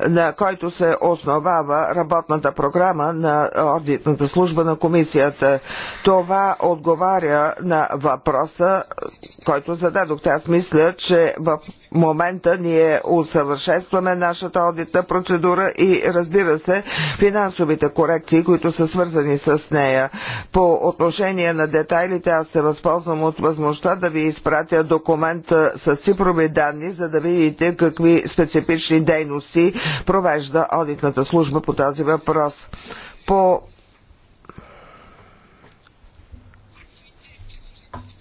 на който се основава работната програма на Ордитната служба на комисията. Това отговаря на въпроса, който зададохте. Аз мисля, че в момента ние усъвършенстваме нашата одитна процедура и разбира се финансовите корекции, които са свързани с нея. По отношение на детайлите аз се възползвам от възможността да ви изпратя документ с цифрови данни, за да видите какви специфични дейности провежда одитната служба по този въпрос. По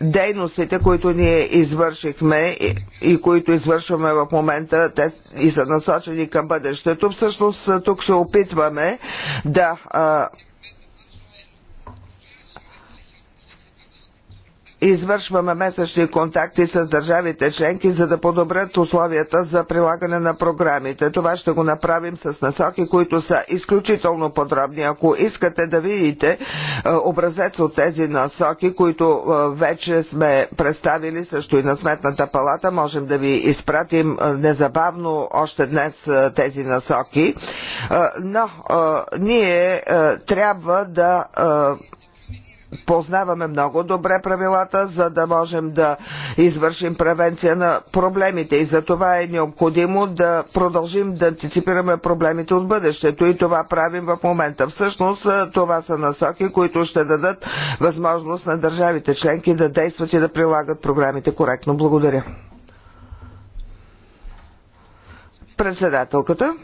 дейностите, които ние извършихме и, и които извършваме в момента, те и са насочени към бъдещето. Всъщност тук се опитваме да а, извършваме месечни контакти с държавите членки, за да подобрят условията за прилагане на програмите. Това ще го направим с насоки, които са изключително подробни. Ако искате да видите е, образец от тези насоки, които е, вече сме представили също и на Сметната палата, можем да ви изпратим е, незабавно още днес тези насоки. Но ние трябва да познаваме много добре правилата, за да можем да извършим превенция на проблемите. И за това е необходимо да продължим да антиципираме проблемите от бъдещето. И това правим в момента. Всъщност това са насоки, които ще дадат възможност на държавите членки да действат и да прилагат програмите коректно. Благодаря. Председателката.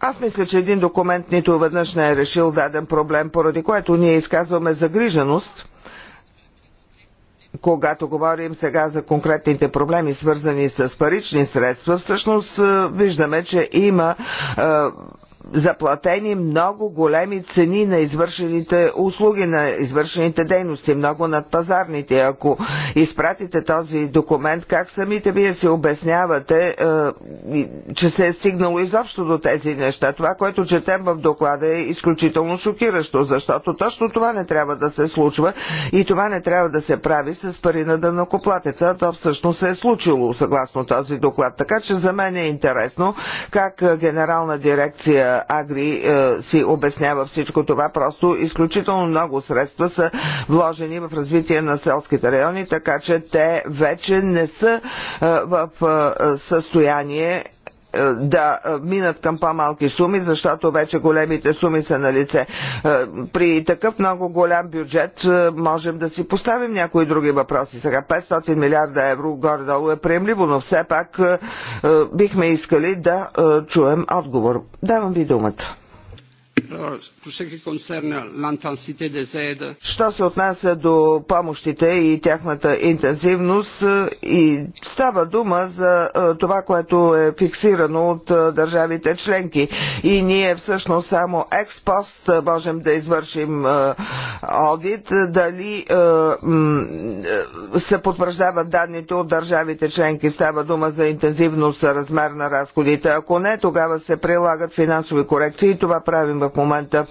Аз мисля, че един документ нито веднъж не е решил даден проблем, поради което ние изказваме загриженост, когато говорим сега за конкретните проблеми, свързани с парични средства. Всъщност виждаме, че има заплатени много големи цени на извършените услуги, на извършените дейности, много над пазарните. Ако изпратите този документ, как самите вие си обяснявате, е, че се е стигнало изобщо до тези неща? Това, което четем в доклада е изключително шокиращо, защото точно това не трябва да се случва и това не трябва да се прави с пари на дънокоплатеца. То всъщност се е случило, съгласно този доклад. Така че за мен е интересно как е, генерална дирекция Агри е, си обяснява всичко това. Просто изключително много средства са вложени в развитие на селските райони, така че те вече не са е, в е, състояние е, да е, минат към по-малки суми, защото вече големите суми са на лице. Е, при такъв много голям бюджет можем да си поставим някои други въпроси. Сега 500 милиарда евро горе-долу е приемливо, но все пак бихме искали да чуем отговор. Давам ви думата. Що се отнася до помощите и тяхната интензивност е, и става дума за е, това, което е фиксирано от е, държавите членки. И ние всъщност само експост можем да извършим одит, дали се потвърждават данните от държавите членки. Става дума за интензивност, размер на разходите. Ако не, тогава се прилагат финансови корекции и това правим в момента.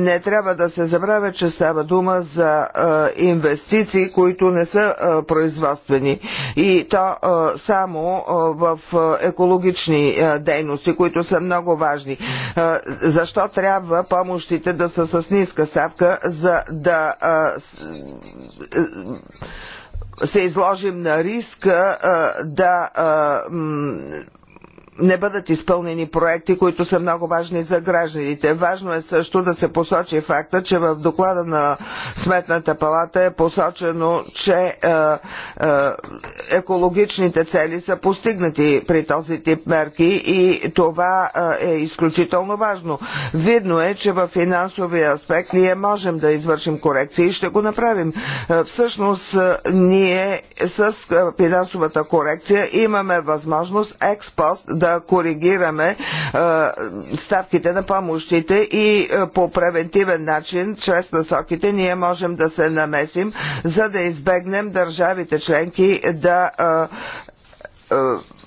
Не трябва да се забравя, че става дума за инвестиции, които не са производствени и то само в екологични дейности, които са много важни. Защо трябва помощите да са с ниска ставка, за да се изложим на риска да не бъдат изпълнени проекти, които са много важни за гражданите. Важно е също да се посочи факта, че в доклада на Сметната палата е посочено, че е, е, екологичните цели са постигнати при този тип мерки и това е, е изключително важно. Видно е, че в финансовия аспект ние можем да извършим корекции и ще го направим. Е, всъщност е, ние с финансовата корекция имаме възможност експост да да коригираме е, ставките на помощите и е, по превентивен начин, чрез насоките, ние можем да се намесим, за да избегнем държавите членки да е, е,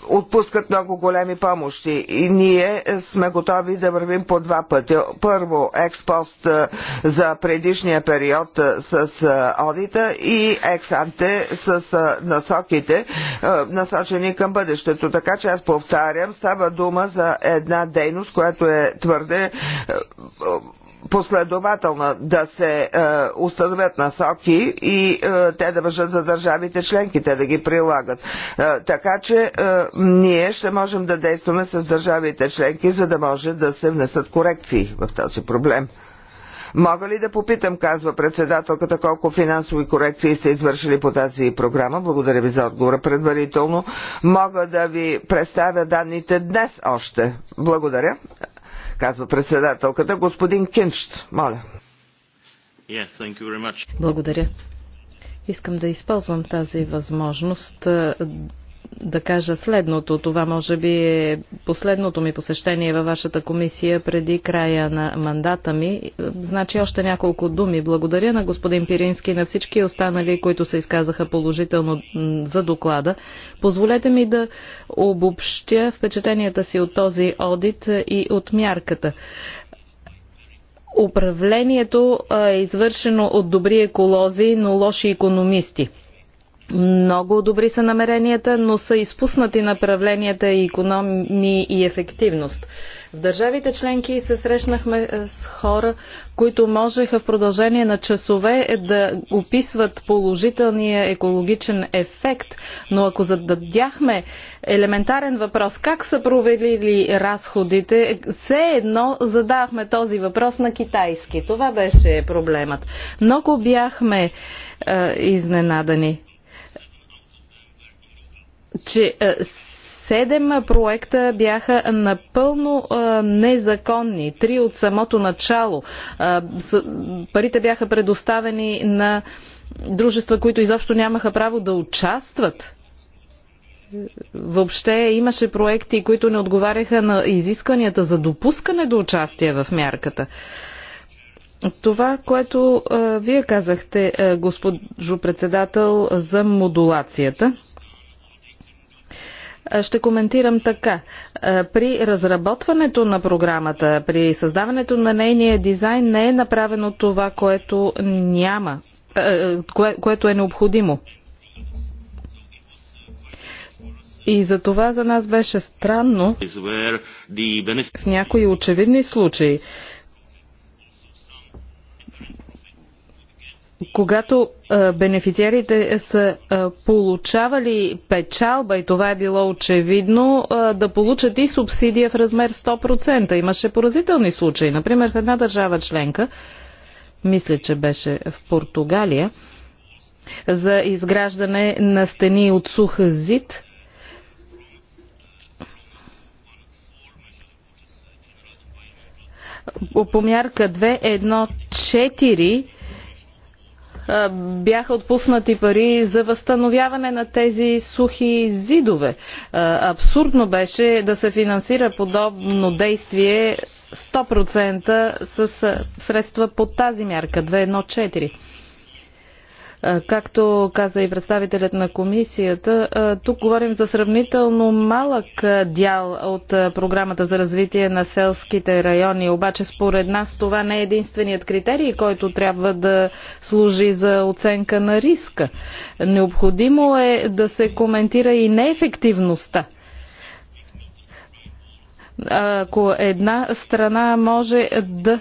отпускат много големи помощи и ние сме готови да вървим по два пътя. Първо експост е, за предишния период е, с одита и ексанте с насоките, насочени към бъдещето. Така че аз повтарям, става дума за една дейност, която е твърде последователна да се е, установят насоки и е, те да въжат за държавите членки, те да ги прилагат. Е, така че е, ние ще можем да действаме с държавите членки, за да може да се внесат корекции в този проблем. Мога ли да попитам, казва председателката, колко финансови корекции сте извършили по тази програма? Благодаря ви за отговора предварително. Мога да ви представя данните днес още. Благодаря казва председателката. Господин Киншт, моля. Yes, thank you very much. Благодаря. Искам да използвам тази възможност да кажа следното. Това може би е последното ми посещение във вашата комисия преди края на мандата ми. Значи още няколко думи. Благодаря на господин Пирински и на всички останали, които се изказаха положително за доклада. Позволете ми да обобщя впечатленията си от този одит и от мярката. Управлението е извършено от добри еколози, но лоши економисти – много добри са намеренията, но са изпуснати направленията и економии и ефективност. В държавите членки се срещнахме е, с хора, които можеха в продължение на часове е, да описват положителния екологичен ефект, но ако зададяхме елементарен въпрос как са провели разходите, е, все едно задавахме този въпрос на китайски. Това беше проблемът. Много бяхме е, изненадани че е, Седем проекта бяха напълно е, незаконни. Три от самото начало. Е, парите бяха предоставени на дружества, които изобщо нямаха право да участват. Въобще имаше проекти, които не отговаряха на изискванията за допускане до участие в мярката. Това, което а, вие казахте, госпожо председател, за модулацията. Е, ще коментирам така. Е, при разработването на програмата, при създаването на нейния дизайн не е направено това, което няма, е, кое, което е необходимо. И за това за нас беше странно в някои очевидни случаи когато бенефициарите са получавали печалба и това е било очевидно, да получат и субсидия в размер 100%. Имаше поразителни случаи. Например, в една държава членка, мисля, че беше в Португалия, за изграждане на стени от сух зид. По мярка 4 бяха отпуснати пари за възстановяване на тези сухи зидове. Абсурдно беше да се финансира подобно действие 100% с средства по тази мярка 214. Както каза и представителят на комисията, тук говорим за сравнително малък дял от програмата за развитие на селските райони, обаче според нас това не е единственият критерий, който трябва да служи за оценка на риска. Необходимо е да се коментира и неефективността ако една страна може да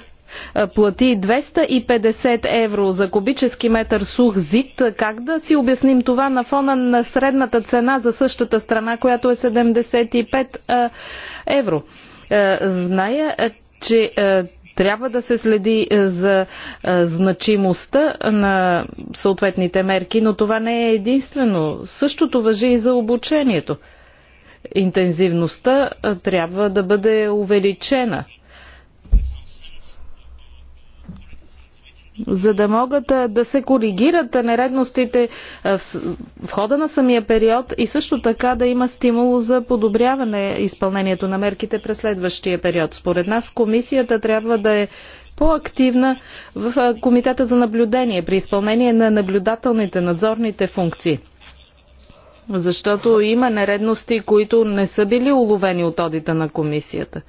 плати 250 евро за кубически метър сух зид, как да си обясним това на фона на средната цена за същата страна, която е 75 евро? Зная, че трябва да се следи за значимостта на съответните мерки, но това не е единствено. Същото въжи и за обучението. Интензивността трябва да бъде увеличена – за да могат да се коригират нередностите в хода на самия период и също така да има стимул за подобряване изпълнението на мерките през следващия период. Според нас комисията трябва да е по-активна в Комитета за наблюдение при изпълнение на наблюдателните надзорните функции. Защото има нередности, които не са били уловени от одита на комисията.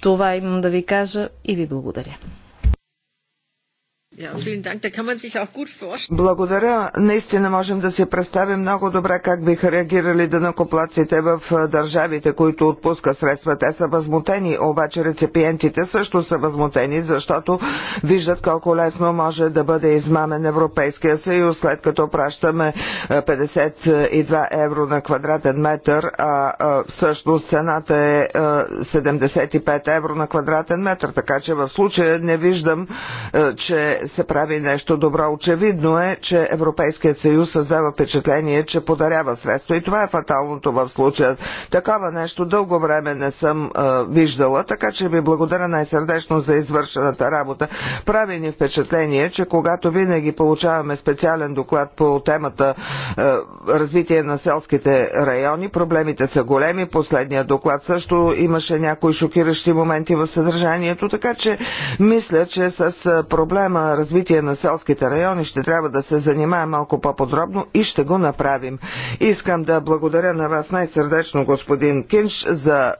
Това имам да ви кажа и ви благодаря. Благодаря. Наистина можем да си представим много добре как биха реагирали данакоплаците в държавите, които отпуска средства. Те са възмутени, обаче реципиентите също са възмутени, защото виждат колко лесно може да бъде измамен Европейския съюз, след като пращаме 52 евро на квадратен метър, а всъщност цената е 75 евро на квадратен метър. Така че в случая не виждам, че се прави нещо добро. Очевидно е, че Европейският съюз създава впечатление, че подарява средства и това е фаталното в случая. Такова нещо дълго време не съм е, виждала, така че ви благодаря най-сърдечно за извършената работа. Прави ни впечатление, че когато винаги получаваме специален доклад по темата е, развитие на селските райони, проблемите са големи. Последния доклад също имаше някои шокиращи моменти в съдържанието, така че мисля, че с проблема развитие на селските райони ще трябва да се занимая малко по-подробно и ще го направим. Искам да благодаря на вас най-сърдечно, господин Кинш, за е,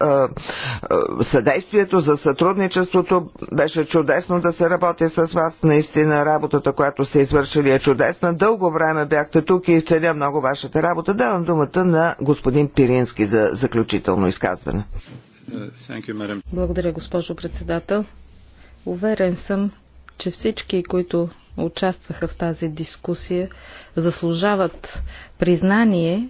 е, съдействието, за сътрудничеството. Беше чудесно да се работи с вас. Наистина работата, която сте извършили е чудесна. Дълго време бяхте тук и целя много вашата работа. Давам думата на господин Пирински за заключително изказване. Е, благодаря, госпожо председател. Уверен съм, че всички, които участваха в тази дискусия, заслужават признание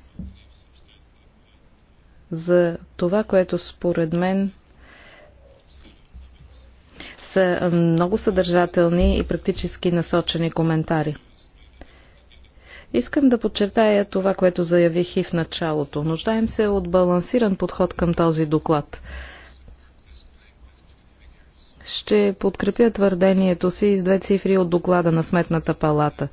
за това, което според мен са много съдържателни и практически насочени коментари. Искам да подчертая това, което заявих и в началото. Нуждаем се от балансиран подход към този доклад ще подкрепя твърдението си с две цифри от доклада на Сметната палата.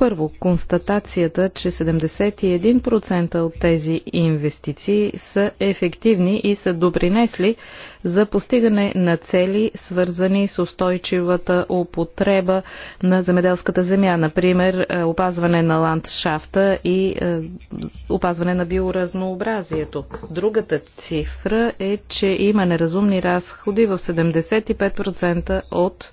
Първо, констатацията, че 71% от тези инвестиции са ефективни и са допринесли за постигане на цели, свързани с устойчивата употреба на земеделската земя, например е, опазване на ландшафта и е, опазване на биоразнообразието. Другата цифра е, че има неразумни разходи в 75% от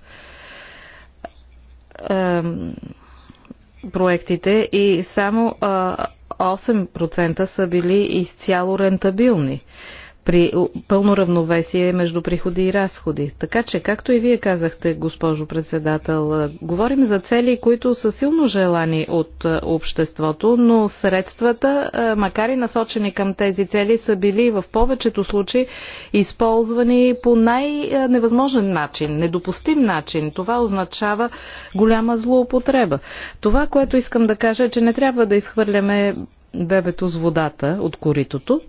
проектите и само 8% са били изцяло рентабилни при пълно равновесие между приходи и разходи. Така че, както и вие казахте, госпожо председател, говорим за цели, които са силно желани от обществото, но средствата, макар и насочени към тези цели, са били в повечето случаи използвани по най-невъзможен начин, недопустим начин. Това означава голяма злоупотреба. Това, което искам да кажа, е, че не трябва да изхвърляме бебето с водата от коритото,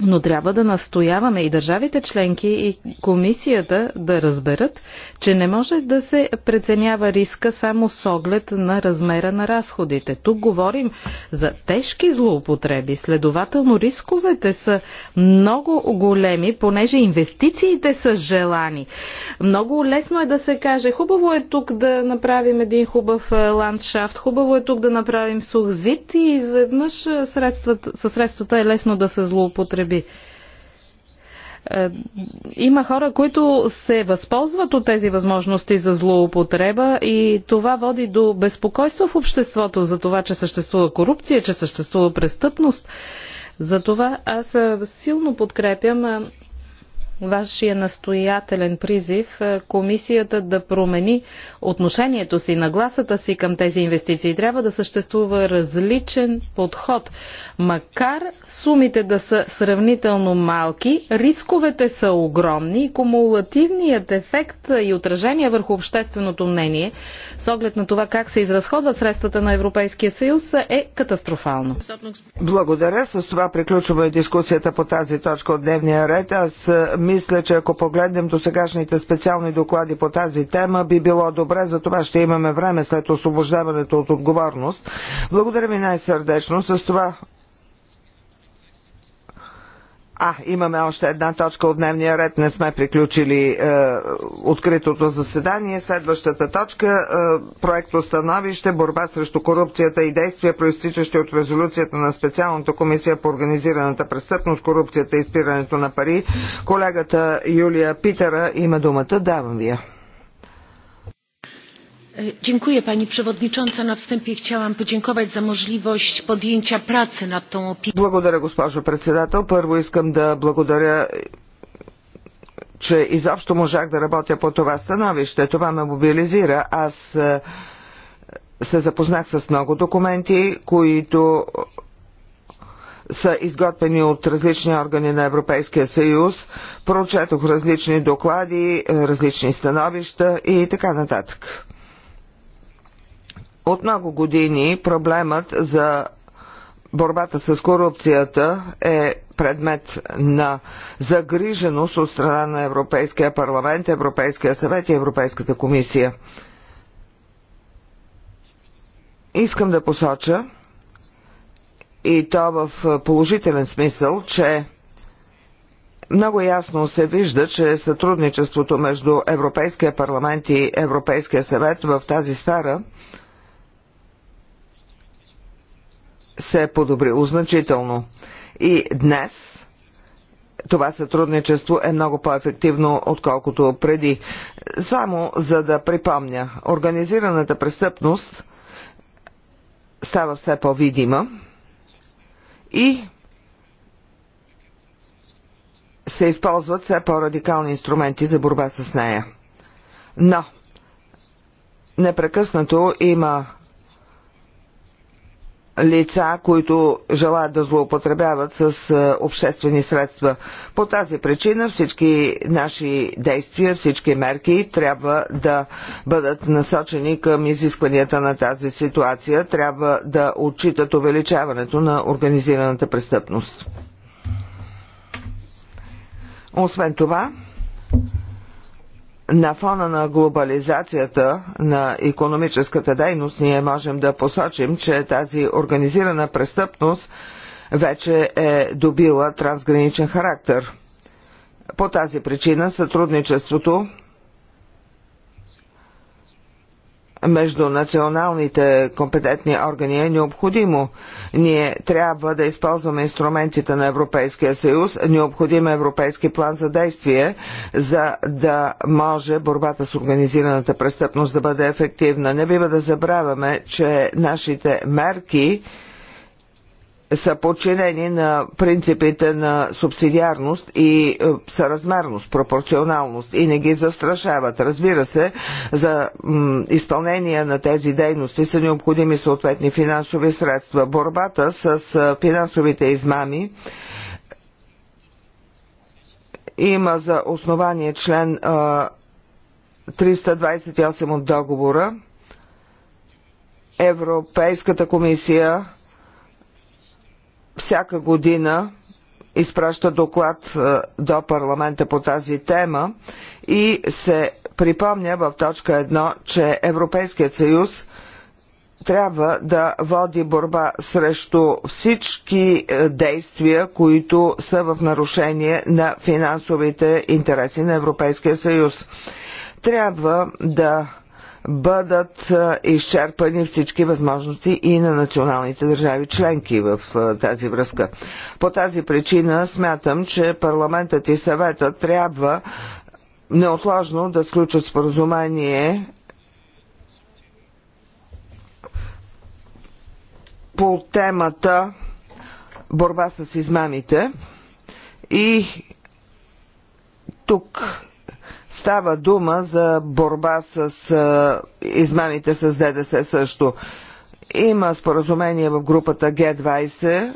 но трябва да настояваме и държавите членки и комисията да разберат, че не може да се преценява риска само с оглед на размера на разходите. Тук говорим за тежки злоупотреби, следователно рисковете са много големи, понеже инвестициите са желани. Много лесно е да се каже, хубаво е тук да направим един хубав е, ландшафт, хубаво е тук да направим сух зид и изведнъж е, със средствата е лесно да се злоупотреби би. Е, има хора, които се възползват от тези възможности за злоупотреба и това води до безпокойство в обществото за това, че съществува корупция, че съществува престъпност. Затова аз е, силно подкрепям е, вашия настоятелен призив е, комисията да промени отношението си, нагласата си към тези инвестиции. Трябва да съществува различен подход. Макар сумите да са сравнително малки, рисковете са огромни и кумулативният ефект и отражение върху общественото мнение с оглед на това как се изразходват средствата на Европейския съюз е катастрофално. Благодаря. С това приключваме дискусията по тази точка от дневния ред. Аз мисля, че ако погледнем до сегашните специални доклади по тази тема, би било добре, за това ще имаме време след освобождаването от отговорност. Благодаря ви най-сърдечно. С това а, имаме още една точка от дневния ред. Не сме приключили е, откритото заседание. Следващата точка е, проект установище борба срещу корупцията и действия, проистичащи от резолюцията на специалната комисия по организираната престъпност, корупцията и спирането на пари. Колегата Юлия Питера има думата. Давам ви я. E, pani przewodnicząca! na wstępie chciałam podziękować za możliwość podjęcia pracy nad tą opinią. Благодаря, госпожо председател. Първо искам да благодаря че изобщо можах да работя по това становище. Това ме мобилизира. Аз е, се запознах с много документи, които са изготвени от различни органи на Европейския съюз, прочетох различни доклади, е, различни становища и така нататък. От много години проблемът за борбата с корупцията е предмет на загриженост от страна на Европейския парламент, Европейския съвет и Европейската комисия. Искам да посоча, и то в положителен смисъл, че много ясно се вижда, че сътрудничеството между Европейския парламент и Европейския съвет в тази сфера – се е подобрило значително. И днес това сътрудничество е много по-ефективно, отколкото преди. Само за да припомня, организираната престъпност става все по-видима и се използват все по-радикални инструменти за борба с нея. Но непрекъснато има лица, които желаят да злоупотребяват с е, обществени средства. По тази причина всички наши действия, всички мерки трябва да бъдат насочени към изискванията на тази ситуация, трябва да отчитат увеличаването на организираната престъпност. Освен това, на фона на глобализацията на економическата дейност ние можем да посочим, че тази организирана престъпност вече е добила трансграничен характер. По тази причина сътрудничеството между националните компетентни органи е необходимо. Ние трябва да използваме инструментите на Европейския съюз, необходим е европейски план за действие, за да може борбата с организираната престъпност да бъде ефективна. Не бива да забравяме, че нашите мерки са подчинени на принципите на субсидиарност и е, съразмерност, пропорционалност и не ги застрашават. Разбира се, за изпълнение на тези дейности са необходими съответни финансови средства. Борбата с е, финансовите измами има за основание член 328 е, от договора. Европейската комисия всяка година изпраща доклад е, до парламента по тази тема и се припомня в точка 1, че Европейският съюз трябва да води борба срещу всички е, действия, които са в нарушение на финансовите интереси на Европейския съюз. Трябва да бъдат изчерпани всички възможности и на националните държави членки в тази връзка. По тази причина смятам, че парламентът и съвета трябва неотложно да сключат споразумение по темата борба с измамите и тук Става дума за борба с измамите с ДДС също. Има споразумение в групата Г20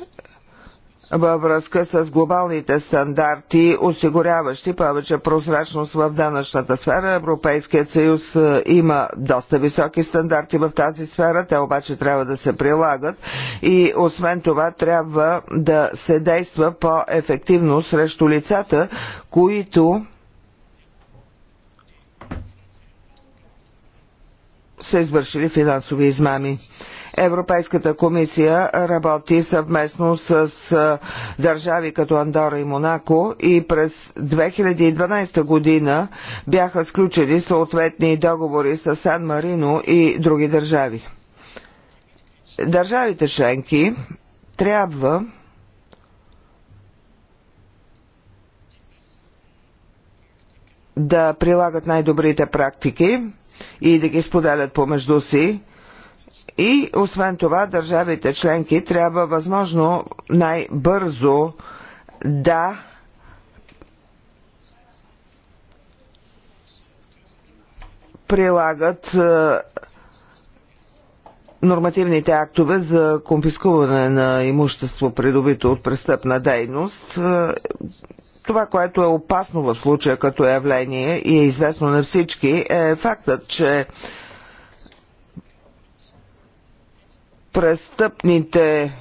във връзка с глобалните стандарти, осигуряващи повече прозрачност в данъчната сфера. Европейският съюз има доста високи стандарти в тази сфера, те обаче трябва да се прилагат и освен това трябва да се действа по-ефективно срещу лицата, които са извършили финансови измами. Европейската комисия работи съвместно с държави като Андора и Монако и през 2012 година бяха сключени съответни договори с Сан Марино и други държави. Държавите членки трябва да прилагат най-добрите практики и да ги споделят помежду си. И освен това, държавите членки трябва възможно най-бързо да прилагат е, нормативните актове за конфискуване на имущество, придобито от престъпна дейност. Е, това, което е опасно в случая като явление и е известно на всички, е фактът, че престъпните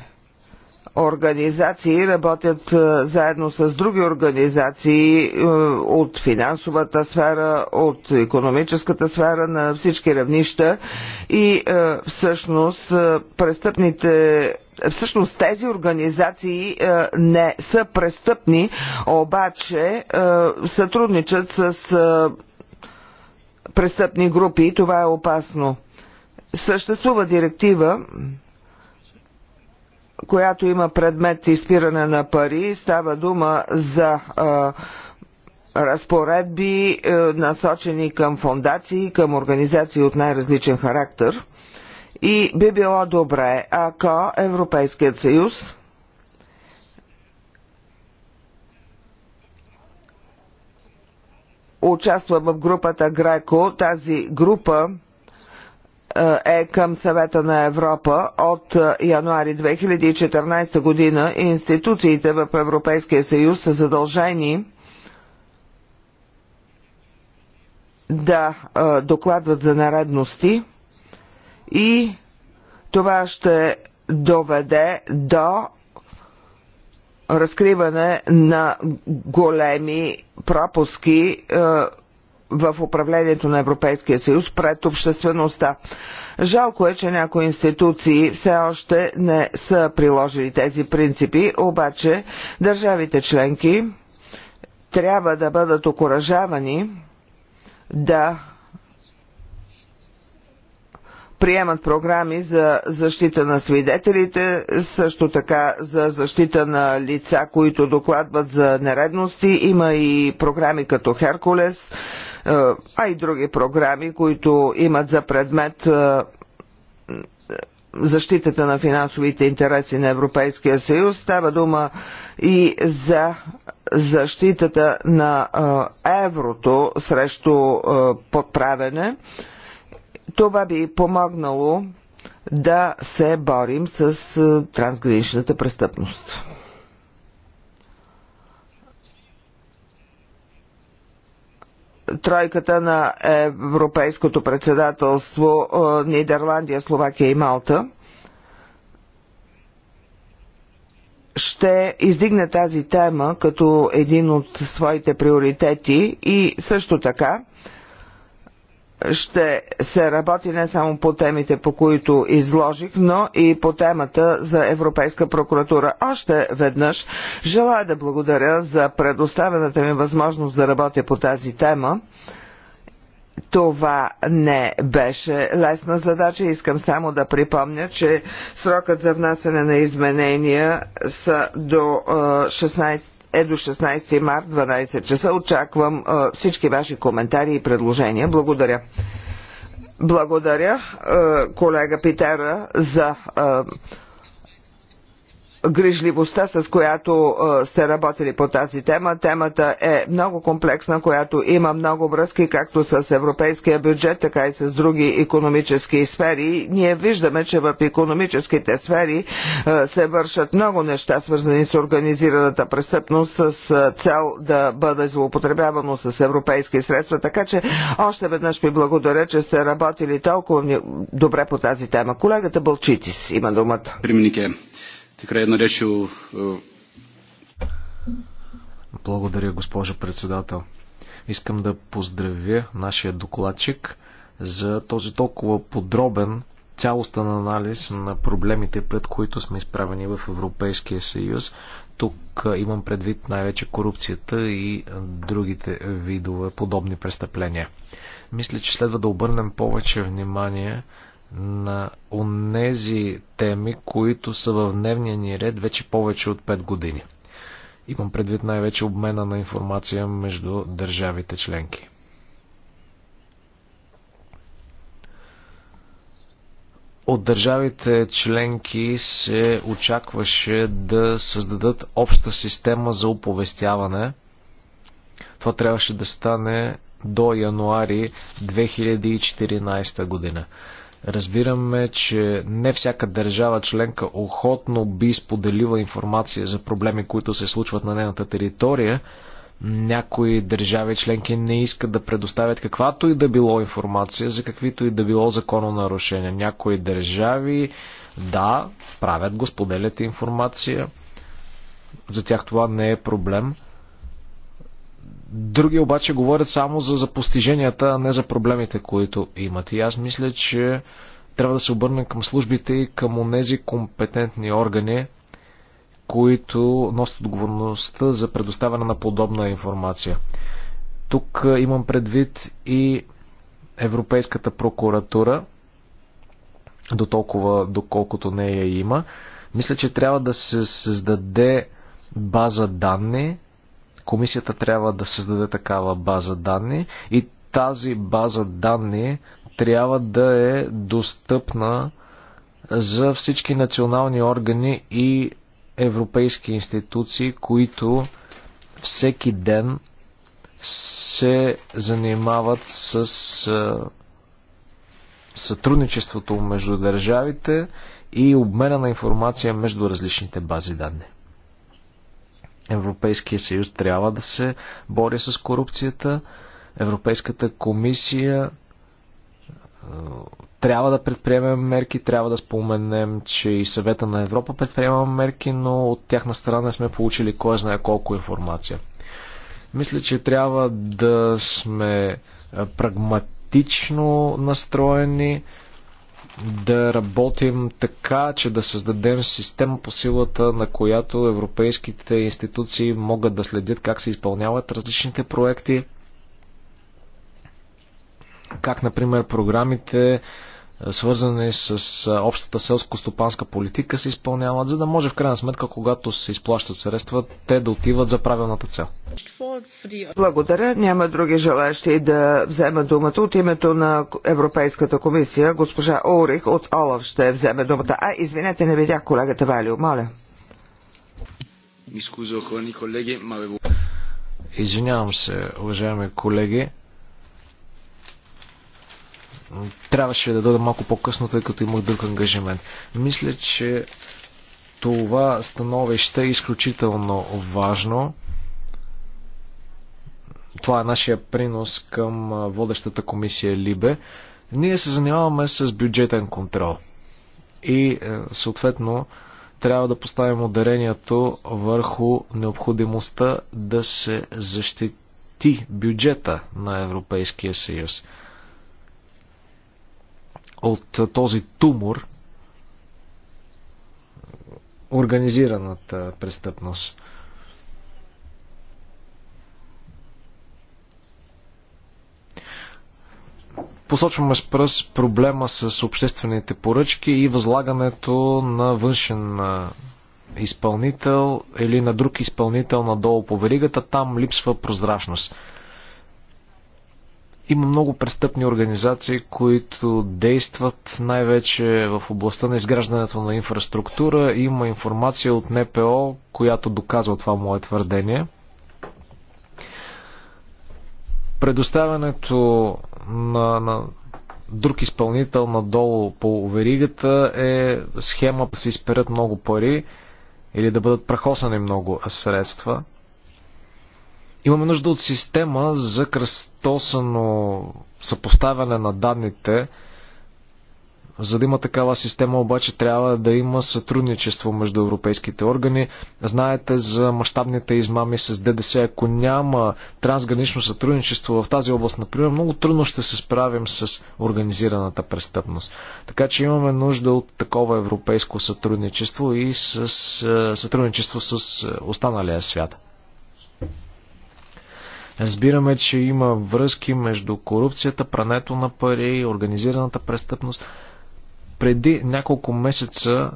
организации работят е, заедно с други организации е, от финансовата сфера, от економическата сфера на всички равнища и е, всъщност престъпните всъщност тези организации не са престъпни, обаче сътрудничат с престъпни групи и това е опасно. Съществува директива която има предмет изпиране на пари. Става дума за а, разпоредби, а, е, насочени към фондации, към организации от най-различен характер. И би било добре, ако Европейският съюз участва в групата Греко, тази група е към съвета на Европа от януари 2014 година институциите в Европейския съюз са задължени да докладват за наредности и това ще доведе до разкриване на големи пропуски в управлението на Европейския съюз пред обществеността. Жалко е, че някои институции все още не са приложили тези принципи, обаче държавите членки трябва да бъдат окоръжавани да приемат програми за защита на свидетелите, също така за защита на лица, които докладват за нередности. Има и програми като Херкулес, е, а и други програми, които имат за предмет е, защитата на финансовите интереси на Европейския съюз. Става дума и за защитата на е, еврото срещу подправене. Това би помогнало да се борим с трансграничната престъпност. тройката на Европейското председателство е, Нидерландия, Словакия и Малта ще издигне тази тема като един от своите приоритети и също така ще се работи не само по темите, по които изложих, но и по темата за Европейска прокуратура. Още веднъж желая да благодаря за предоставената ми възможност да работя по тази тема. Това не беше лесна задача. Искам само да припомня, че срокът за внасяне на изменения са до 16 е, е до 16 март 12 часа. Очаквам всички ваши коментари и предложения. Благодаря. Благодаря, колега Питера, за грижливостта, с която сте работили по тази тема. Темата е много комплексна, която има много връзки както с европейския бюджет, така и с други економически сфери. Ние виждаме, че в економическите сфери се вършат много неща, свързани с организираната престъпност, с цел да бъде злоупотребявано с европейски средства. Така че още веднъж ви благодаря, че сте работили толкова добре по тази тема. Колегата Бълчитис има думата. Приминике. Tikrai norėčiau. Е, е, Благодаря, госпожо председател. Искам да поздравя нашия докладчик за този толкова подробен цялостен анализ на проблемите, пред които сме изправени в Европейския съюз. Тук е, имам предвид най-вече корупцията и другите видове подобни престъпления. Мисля, че следва да обърнем повече внимание на онези теми, които са в дневния ни ред вече повече от 5 години. Имам предвид най-вече обмена на информация между държавите членки. От държавите членки се очакваше да създадат обща система за оповестяване. Това трябваше да стане до януари 2014 година. Разбираме, че не всяка държава членка охотно би споделила информация за проблеми, които се случват на нейната територия. Някои държави членки не искат да предоставят каквато и да било информация за каквито и да било закононарушения. Някои държави, да, правят го, споделят информация. За тях това не е проблем. Други обаче говорят само за, за постиженията, а не за проблемите, които имат. И аз мисля, че трябва да се обърнем към службите и към онези компетентни органи, които носят отговорността за предоставяне на подобна информация. Тук имам предвид и Европейската прокуратура, до толкова, доколкото нея има. Мисля, че трябва да се създаде база данни, Комисията трябва да създаде такава база данни и тази база данни трябва да е достъпна за всички национални органи и европейски институции, които всеки ден се занимават с сътрудничеството между държавите и обмена на информация между различните бази данни. Европейския съюз трябва да се бори с корупцията. Европейската комисия е, трябва да предприемем мерки, трябва да споменем, че и съвета на Европа предприема мерки, но от тяхна страна не сме получили кой знае колко информация. Мисля, че трябва да сме е, прагматично настроени, да работим така, че да създадем система по силата, на която европейските институции могат да следят как се изпълняват различните проекти, как, например, програмите свързани с общата селско-стопанска политика, се изпълняват, за да може в крайна сметка, когато се изплащат средства, те да отиват за правилната цел. Благодаря. Няма други желащи да вземат думата от името на Европейската комисия. Госпожа Орих от Олаф ще вземе думата. А, извинете, не видях колегата Валио. Моля. Извинявам се, уважаеми колеги трябваше да дойда малко по-късно, тъй като имах друг ангажимент. Мисля, че това становище е изключително важно. Това е нашия принос към водещата комисия Либе. Ние се занимаваме с бюджетен контрол. И е, съответно трябва да поставим ударението върху необходимостта да се защити бюджета на Европейския съюз от този тумор организираната престъпност. Посочваме с пръст проблема с обществените поръчки и възлагането на външен изпълнител или на друг изпълнител надолу по веригата. Там липсва прозрачност. Има много престъпни организации, които действат най-вече в областта на изграждането на инфраструктура. Има информация от НПО, която доказва това мое твърдение. Предоставянето на, на друг изпълнител надолу по веригата е схема да се изперат много пари или да бъдат прахосани много средства – Имаме нужда от система за кръстосано съпоставяне на данните. За да има такава система обаче трябва да има сътрудничество между европейските органи. Знаете за мащабните измами с ДДС. Ако няма трансгранично сътрудничество в тази област, например, много трудно ще се справим с организираната престъпност. Така че имаме нужда от такова европейско сътрудничество и с е, сътрудничество с е, останалия свят. Разбираме, че има връзки между корупцията, прането на пари, организираната престъпност. Преди няколко месеца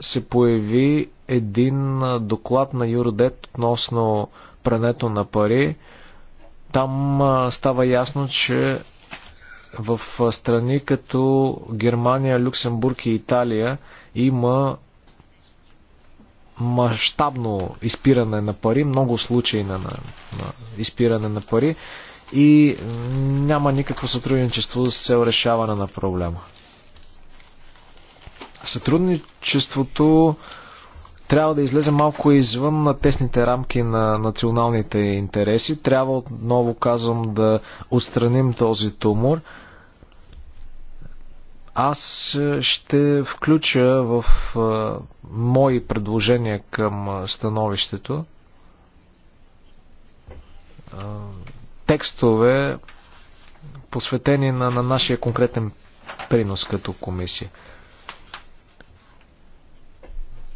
се появи един доклад на Юрдет относно прането на пари. Там става ясно, че в страни като Германия, Люксембург и Италия има мащабно изпиране на пари, много случаи на, на, на изпиране на пари и няма никакво сътрудничество с цел решаване на проблема. Сътрудничеството трябва да излезе малко извън на тесните рамки на националните интереси. Трябва отново, казвам, да отстраним този тумор – аз е, ще включа в е, мои предложения към е, становището текстове, посветени на, на нашия конкретен принос като комисия.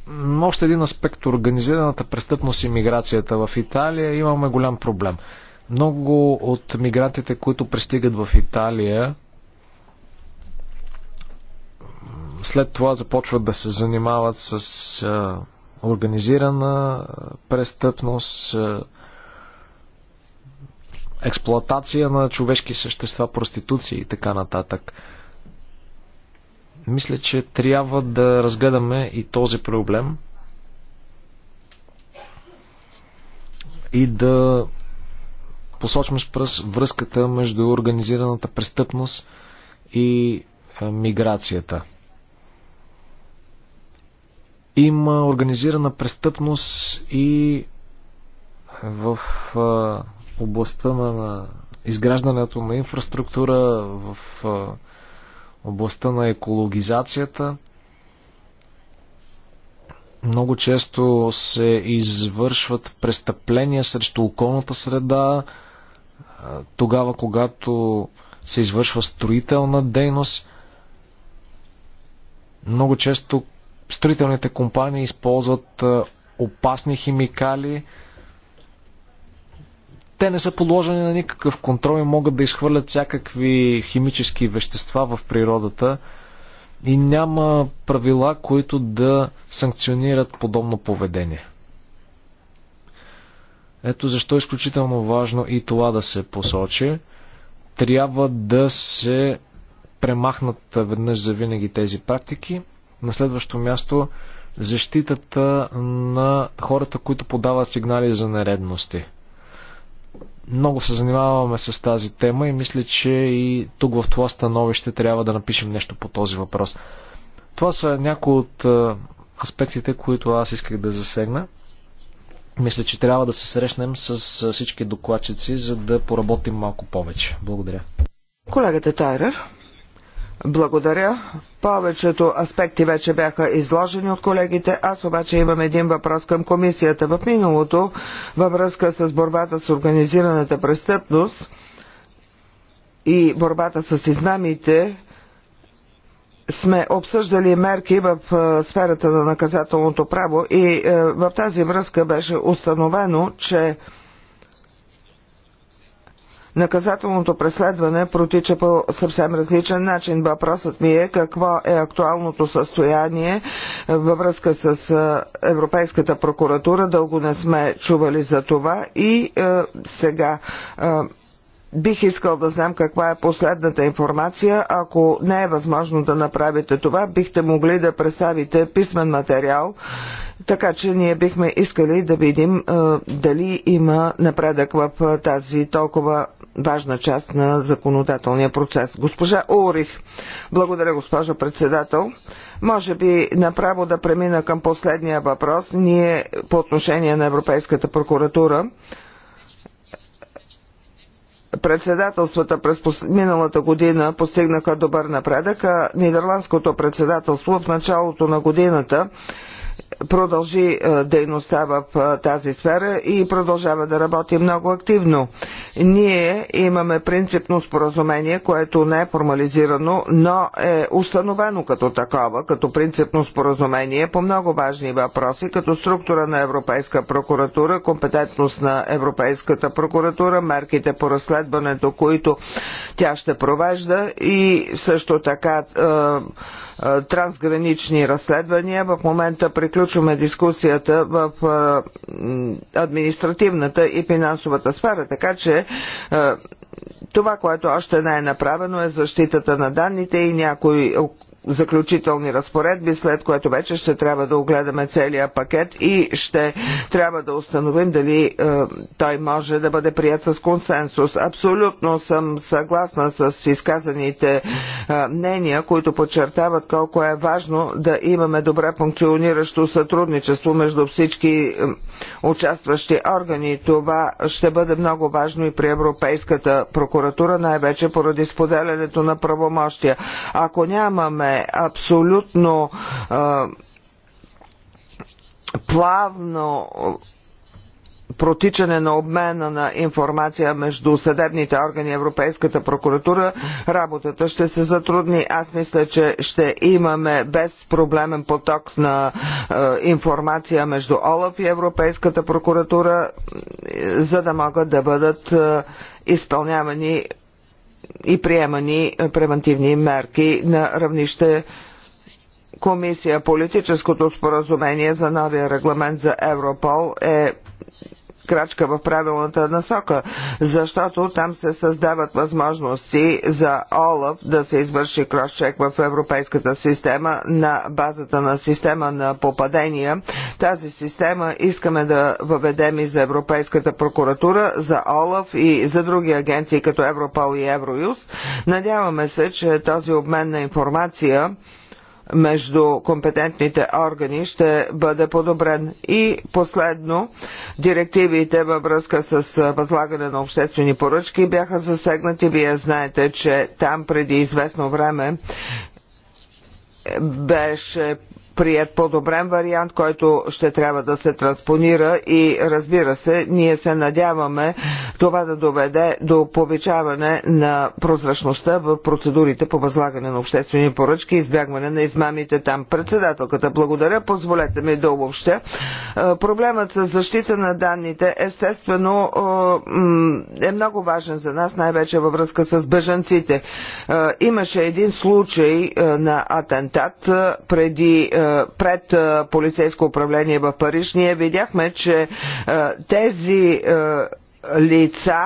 Но още един аспект организираната престъпност и миграцията в Италия имаме голям проблем. Много от мигрантите, които пристигат в Италия, след това започват да се занимават с организирана престъпност, експлоатация на човешки същества, проституция и така нататък. Мисля, че трябва да разгледаме и този проблем и да посочим с пръст връзката между организираната престъпност и миграцията. Има организирана престъпност и в областта на изграждането на инфраструктура, в областта на екологизацията. Много често се извършват престъпления срещу околната среда, тогава когато се извършва строителна дейност. Много често строителните компании използват опасни химикали. Те не са подложени на никакъв контрол и могат да изхвърлят всякакви химически вещества в природата и няма правила, които да санкционират подобно поведение. Ето защо е изключително важно и това да се посочи. Трябва да се премахнат веднъж за винаги тези практики. На следващо място защитата на хората, които подават сигнали за нередности. Много се занимаваме с тази тема и мисля, че и тук в това становище трябва да напишем нещо по този въпрос. Това са някои от е, аспектите, които аз исках да засегна. Мисля, че трябва да се срещнем с е, всички докладчици, за да поработим малко повече. Благодаря. Колегата Тайрер. Благодаря. Повечето аспекти вече бяха изложени от колегите. Аз обаче имам един въпрос към комисията. В миналото, във връзка с борбата с организираната престъпност и борбата с измамите, сме обсъждали мерки в сферата на наказателното право и е, в тази връзка беше установено, че наказателното преследване протича по съвсем различен начин. Въпросът ми е какво е актуалното състояние във връзка с Европейската прокуратура. Дълго не сме чували за това и е, сега е, Бих искал да знам каква е последната информация. Ако не е възможно да направите това, бихте могли да представите писмен материал така че ние бихме искали да видим дали има напредък в тази толкова важна част на законодателния процес. Госпожа Орих, благодаря госпожа председател. Може би направо да премина към последния въпрос. Ние по отношение на Европейската прокуратура председателствата през миналата година постигнаха добър напредък, а Нидерландското председателство в началото на годината продължи е, дейността в е, тази сфера и продължава да работи много активно. Ние имаме принципно споразумение, което не е формализирано, но е установено като такова, като принципно споразумение по много важни въпроси, като структура на Европейска прокуратура, компетентност на Европейската прокуратура, мерките по разследването, които тя ще провежда и също така е, е, трансгранични разследвания. В момента приключваме дискусията в е, административната и финансовата сфера, така че е, това, което още не е направено е защитата на данните и някои заключителни разпоредби, след което вече ще трябва да огледаме целия пакет и ще трябва да установим дали е, той може да бъде прият с консенсус. Абсолютно съм съгласна с изказаните е, мнения, които подчертават колко е важно да имаме добре функциониращо сътрудничество между всички е, участващи органи. Това ще бъде много важно и при Европейската прокуратура, най-вече поради споделянето на правомощия. Ако нямаме абсолютно плавно протичане на обмена на информация между съдебните органи и Европейската прокуратура, работата ще се затрудни. Аз мисля, че ще имаме безпроблемен поток на е, информация между ОЛАФ и Европейската прокуратура, за да могат да бъдат е, изпълнявани и приемани превентивни мерки на равнище комисия. Политическото споразумение за новия регламент за Европол е крачка в правилната насока, защото там се създават възможности за ОЛАФ да се извърши кросчек в европейската система на базата на система на попадения. Тази система искаме да въведем и за Европейската прокуратура, за ОЛАФ и за други агенции като Европол и Евроюз. Надяваме се, че този обмен на информация между компетентните органи ще бъде подобрен. И последно, директивите във връзка с възлагане на обществени поръчки бяха засегнати. Вие знаете, че там преди известно време беше прият по-добрен вариант, който ще трябва да се транспонира и разбира се, ние се надяваме това да доведе до повечаване на прозрачността в процедурите по възлагане на обществени поръчки и избягване на измамите там. Председателката, благодаря. Позволете ми да обобща. Е, проблемът с защита на данните естествено е, е много важен за нас, най-вече във връзка с бежанците. Е, имаше един случай на атентат преди е, пред е, полицейско управление в Париж, ние видяхме, че е, тези лица,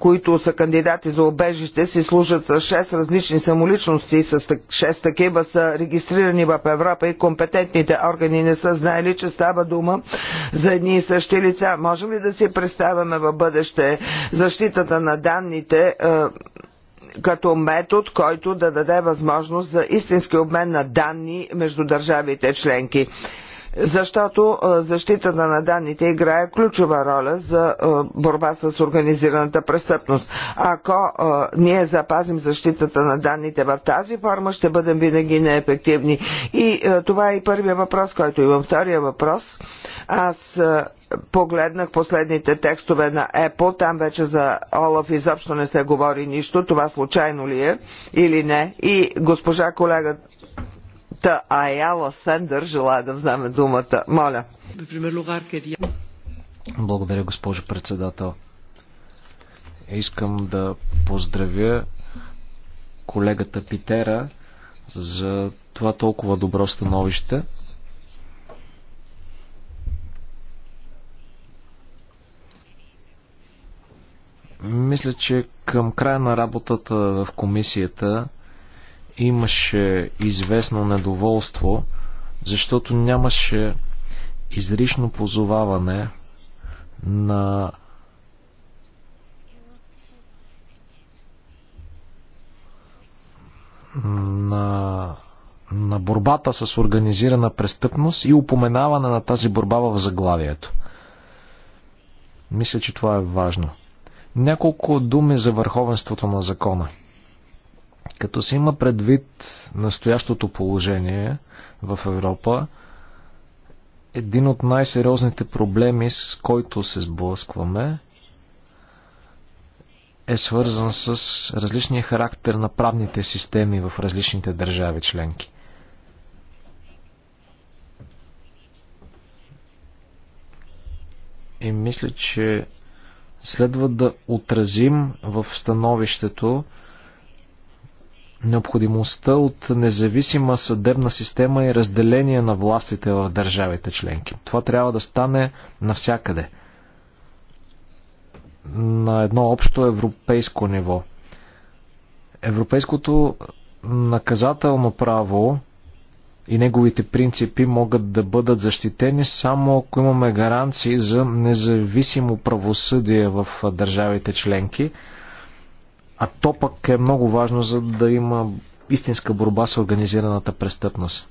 които са кандидати за обежище, си служат с 6 различни самоличности, с 6 такива са регистрирани в Европа и компетентните органи не са знаели, че става дума за едни и същи лица. Можем ли да си представяме в бъдеще защитата на данните? като метод, който да даде възможност за истински обмен на данни между държавите членки защото защитата на данните играе ключова роля за борба с организираната престъпност. Ако ние запазим защитата на данните в тази форма, ще бъдем винаги неефективни. И това е и първия въпрос, който имам. Втория въпрос. Аз погледнах последните текстове на Apple, там вече за Олаф изобщо не се говори нищо, това случайно ли е или не. И госпожа колега Та Аяла Сендър желая да вземе думата. Моля. Благодаря, госпожо председател. Искам да поздравя колегата Питера за това толкова добро становище. Мисля, че към края на работата в комисията имаше известно недоволство, защото нямаше изрично позоваване на на, на борбата с организирана престъпност и упоменаване на тази борба в заглавието. Мисля, че това е важно. Няколко думи за върховенството на закона – като се има предвид настоящото положение в Европа, един от най-сериозните проблеми, с който се сблъскваме, е свързан с различния характер на правните системи в различните държави членки. И мисля, че следва да отразим в становището необходимостта от независима съдебна система и разделение на властите в държавите членки. Това трябва да стане навсякъде. На едно общо европейско ниво. Европейското наказателно право и неговите принципи могат да бъдат защитени само ако имаме гаранции за независимо правосъдие в държавите членки – а то пък е много важно, за да има истинска борба с организираната престъпност.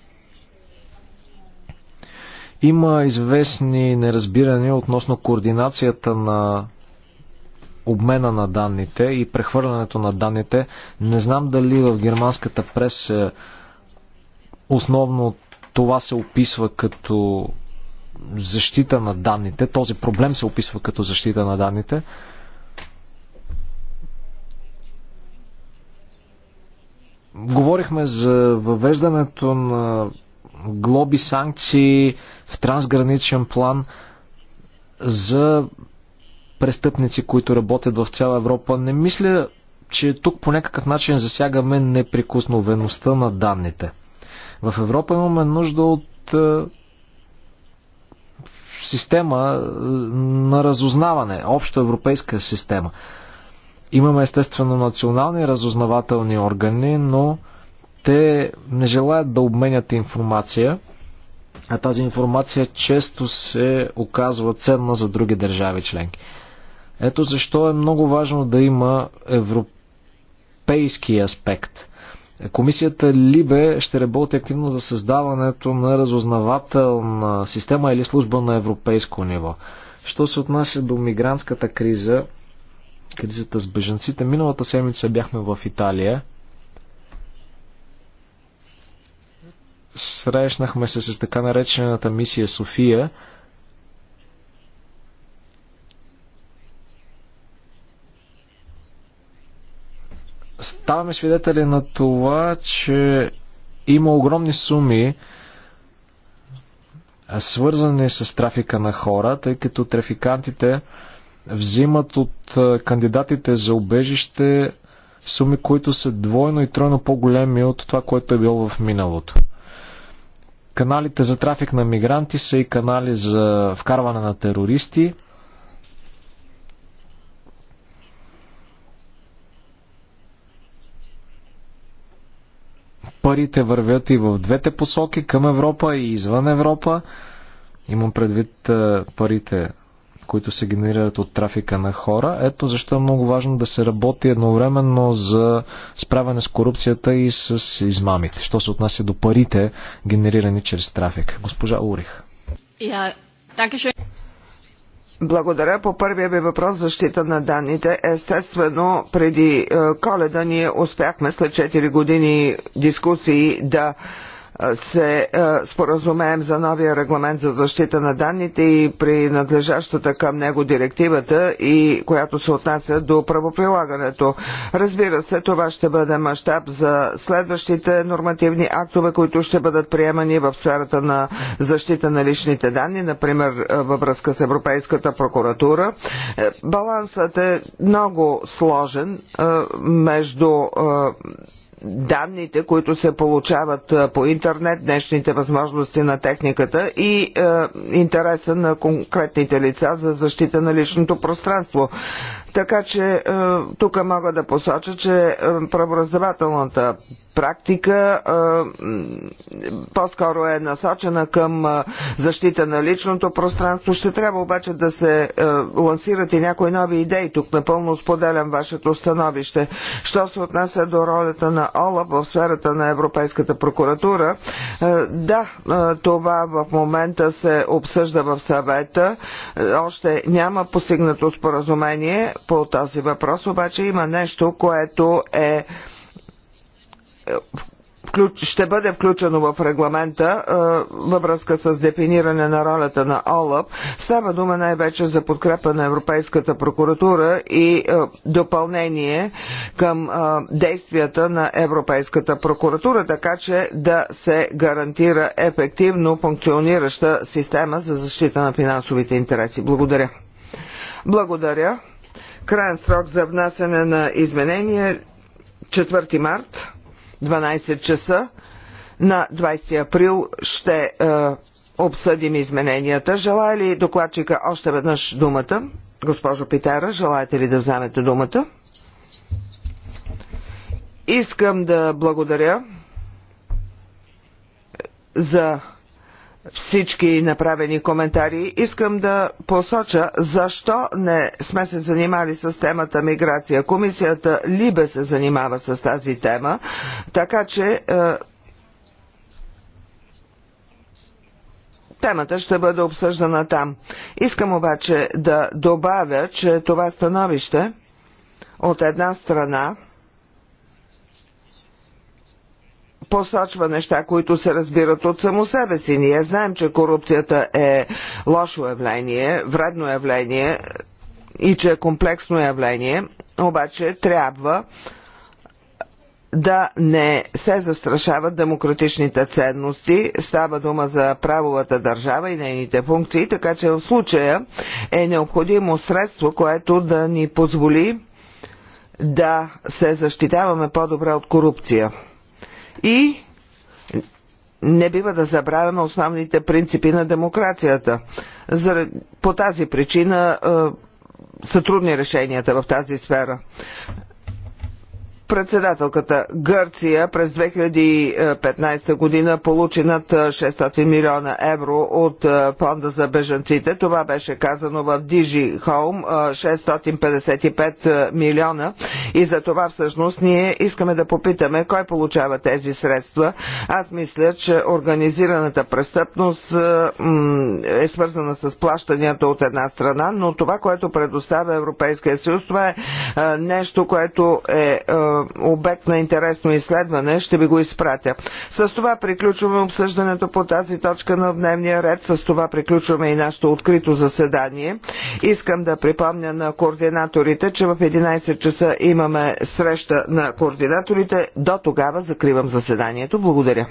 Има известни неразбирания относно координацията на обмена на данните и прехвърлянето на данните. Не знам дали в германската прес основно това се описва като защита на данните. Този проблем се описва като защита на данните. Говорихме за въвеждането на глоби, санкции в трансграничен план за престъпници, които работят в цяла Европа. Не мисля, че тук по някакъв начин засягаме неприкосновеността на данните. В Европа имаме нужда от е, система е, на разузнаване, обща европейска система. Имаме естествено национални разузнавателни органи, но те не желаят да обменят информация, а тази информация често се оказва ценна за други държави членки. Ето защо е много важно да има европейски аспект. Комисията Либе ще работи активно за създаването на разузнавателна система или служба на европейско ниво. Що се отнася до мигрантската криза, кризата с бежанците. Миналата седмица бяхме в Италия. Срещнахме се с така наречената мисия София. Ставаме свидетели на това, че има огромни суми, свързани с трафика на хора, тъй като трафикантите взимат от кандидатите за убежище суми, които са двойно и тройно по-големи от това, което е било в миналото. Каналите за трафик на мигранти са и канали за вкарване на терористи. Парите вървят и в двете посоки, към Европа и извън Европа. Имам предвид парите които се генерират от трафика на хора. Ето защо е много важно да се работи едновременно за справяне с корупцията и с измамите, що се отнася до парите, генерирани чрез трафик. Госпожа Урих. Благодаря. По първия ви въпрос защита на данните. Естествено, преди е, коледа ние успяхме след 4 години дискусии да се споразумеем за новия регламент за защита на данните и при надлежащата към него директивата и която се отнася до правоприлагането. Разбира се, това ще бъде мащаб за следващите нормативни актове, които ще бъдат приемани в сферата на защита на личните данни, например във връзка с Европейската прокуратура. Е, балансът е много сложен между данните, които се получават по интернет, днешните възможности на техниката и е, интереса на конкретните лица за защита на личното пространство. Така че е, тук мога да посоча, че е, правораздавателната практика е, по-скоро е насочена към е, защита на личното пространство. Ще трябва обаче да се е, лансират и някои нови идеи. Тук напълно споделям вашето становище. Що се отнася до ролята на ОЛА в сферата на Европейската прокуратура. Е, да, е, това в момента се обсъжда в съвета. Е, още няма постигнато споразумение по този въпрос, обаче има нещо, което е включ... ще бъде включено в регламента е, във връзка с дефиниране на ролята на ОЛАП. Става дума най-вече за подкрепа на Европейската прокуратура и е, допълнение към е, действията на Европейската прокуратура, така че да се гарантира ефективно функционираща система за защита на финансовите интереси. Благодаря. Благодаря. Крайен срок за внасяне на изменения 4 март. 12 часа. На 20 април ще е, обсъдим измененията. Желая ли докладчика още веднъж думата? Госпожо Питера, желаете ли да вземете думата? Искам да благодаря за всички направени коментари. Искам да посоча защо не сме се занимали с темата миграция. Комисията Либе се занимава с тази тема, така че е, Темата ще бъде обсъждана там. Искам обаче да добавя, че това становище от една страна посочва неща, които се разбират от само себе си. Ние знаем, че корупцията е лошо явление, вредно явление и че е комплексно явление, обаче трябва да не се застрашават демократичните ценности. Става дума за правовата държава и нейните функции, така че в случая е необходимо средство, което да ни позволи да се защитаваме по-добре от корупция. И не бива да забравяме основните принципи на демокрацията. По тази причина е, са трудни решенията в тази сфера председателката Гърция през 2015 година получи над 600 милиона евро от фонда за бежанците. Това беше казано в Дижи Хоум 655 милиона и за това всъщност ние искаме да попитаме кой получава тези средства. Аз мисля, че организираната престъпност е свързана с плащанията от една страна, но това, което предоставя Европейския съюз, това е нещо, което е обект на интересно изследване, ще ви го изпратя. С това приключваме обсъждането по тази точка на дневния ред. С това приключваме и нашето открито заседание. Искам да припомня на координаторите, че в 11 часа имаме среща на координаторите. До тогава закривам заседанието. Благодаря.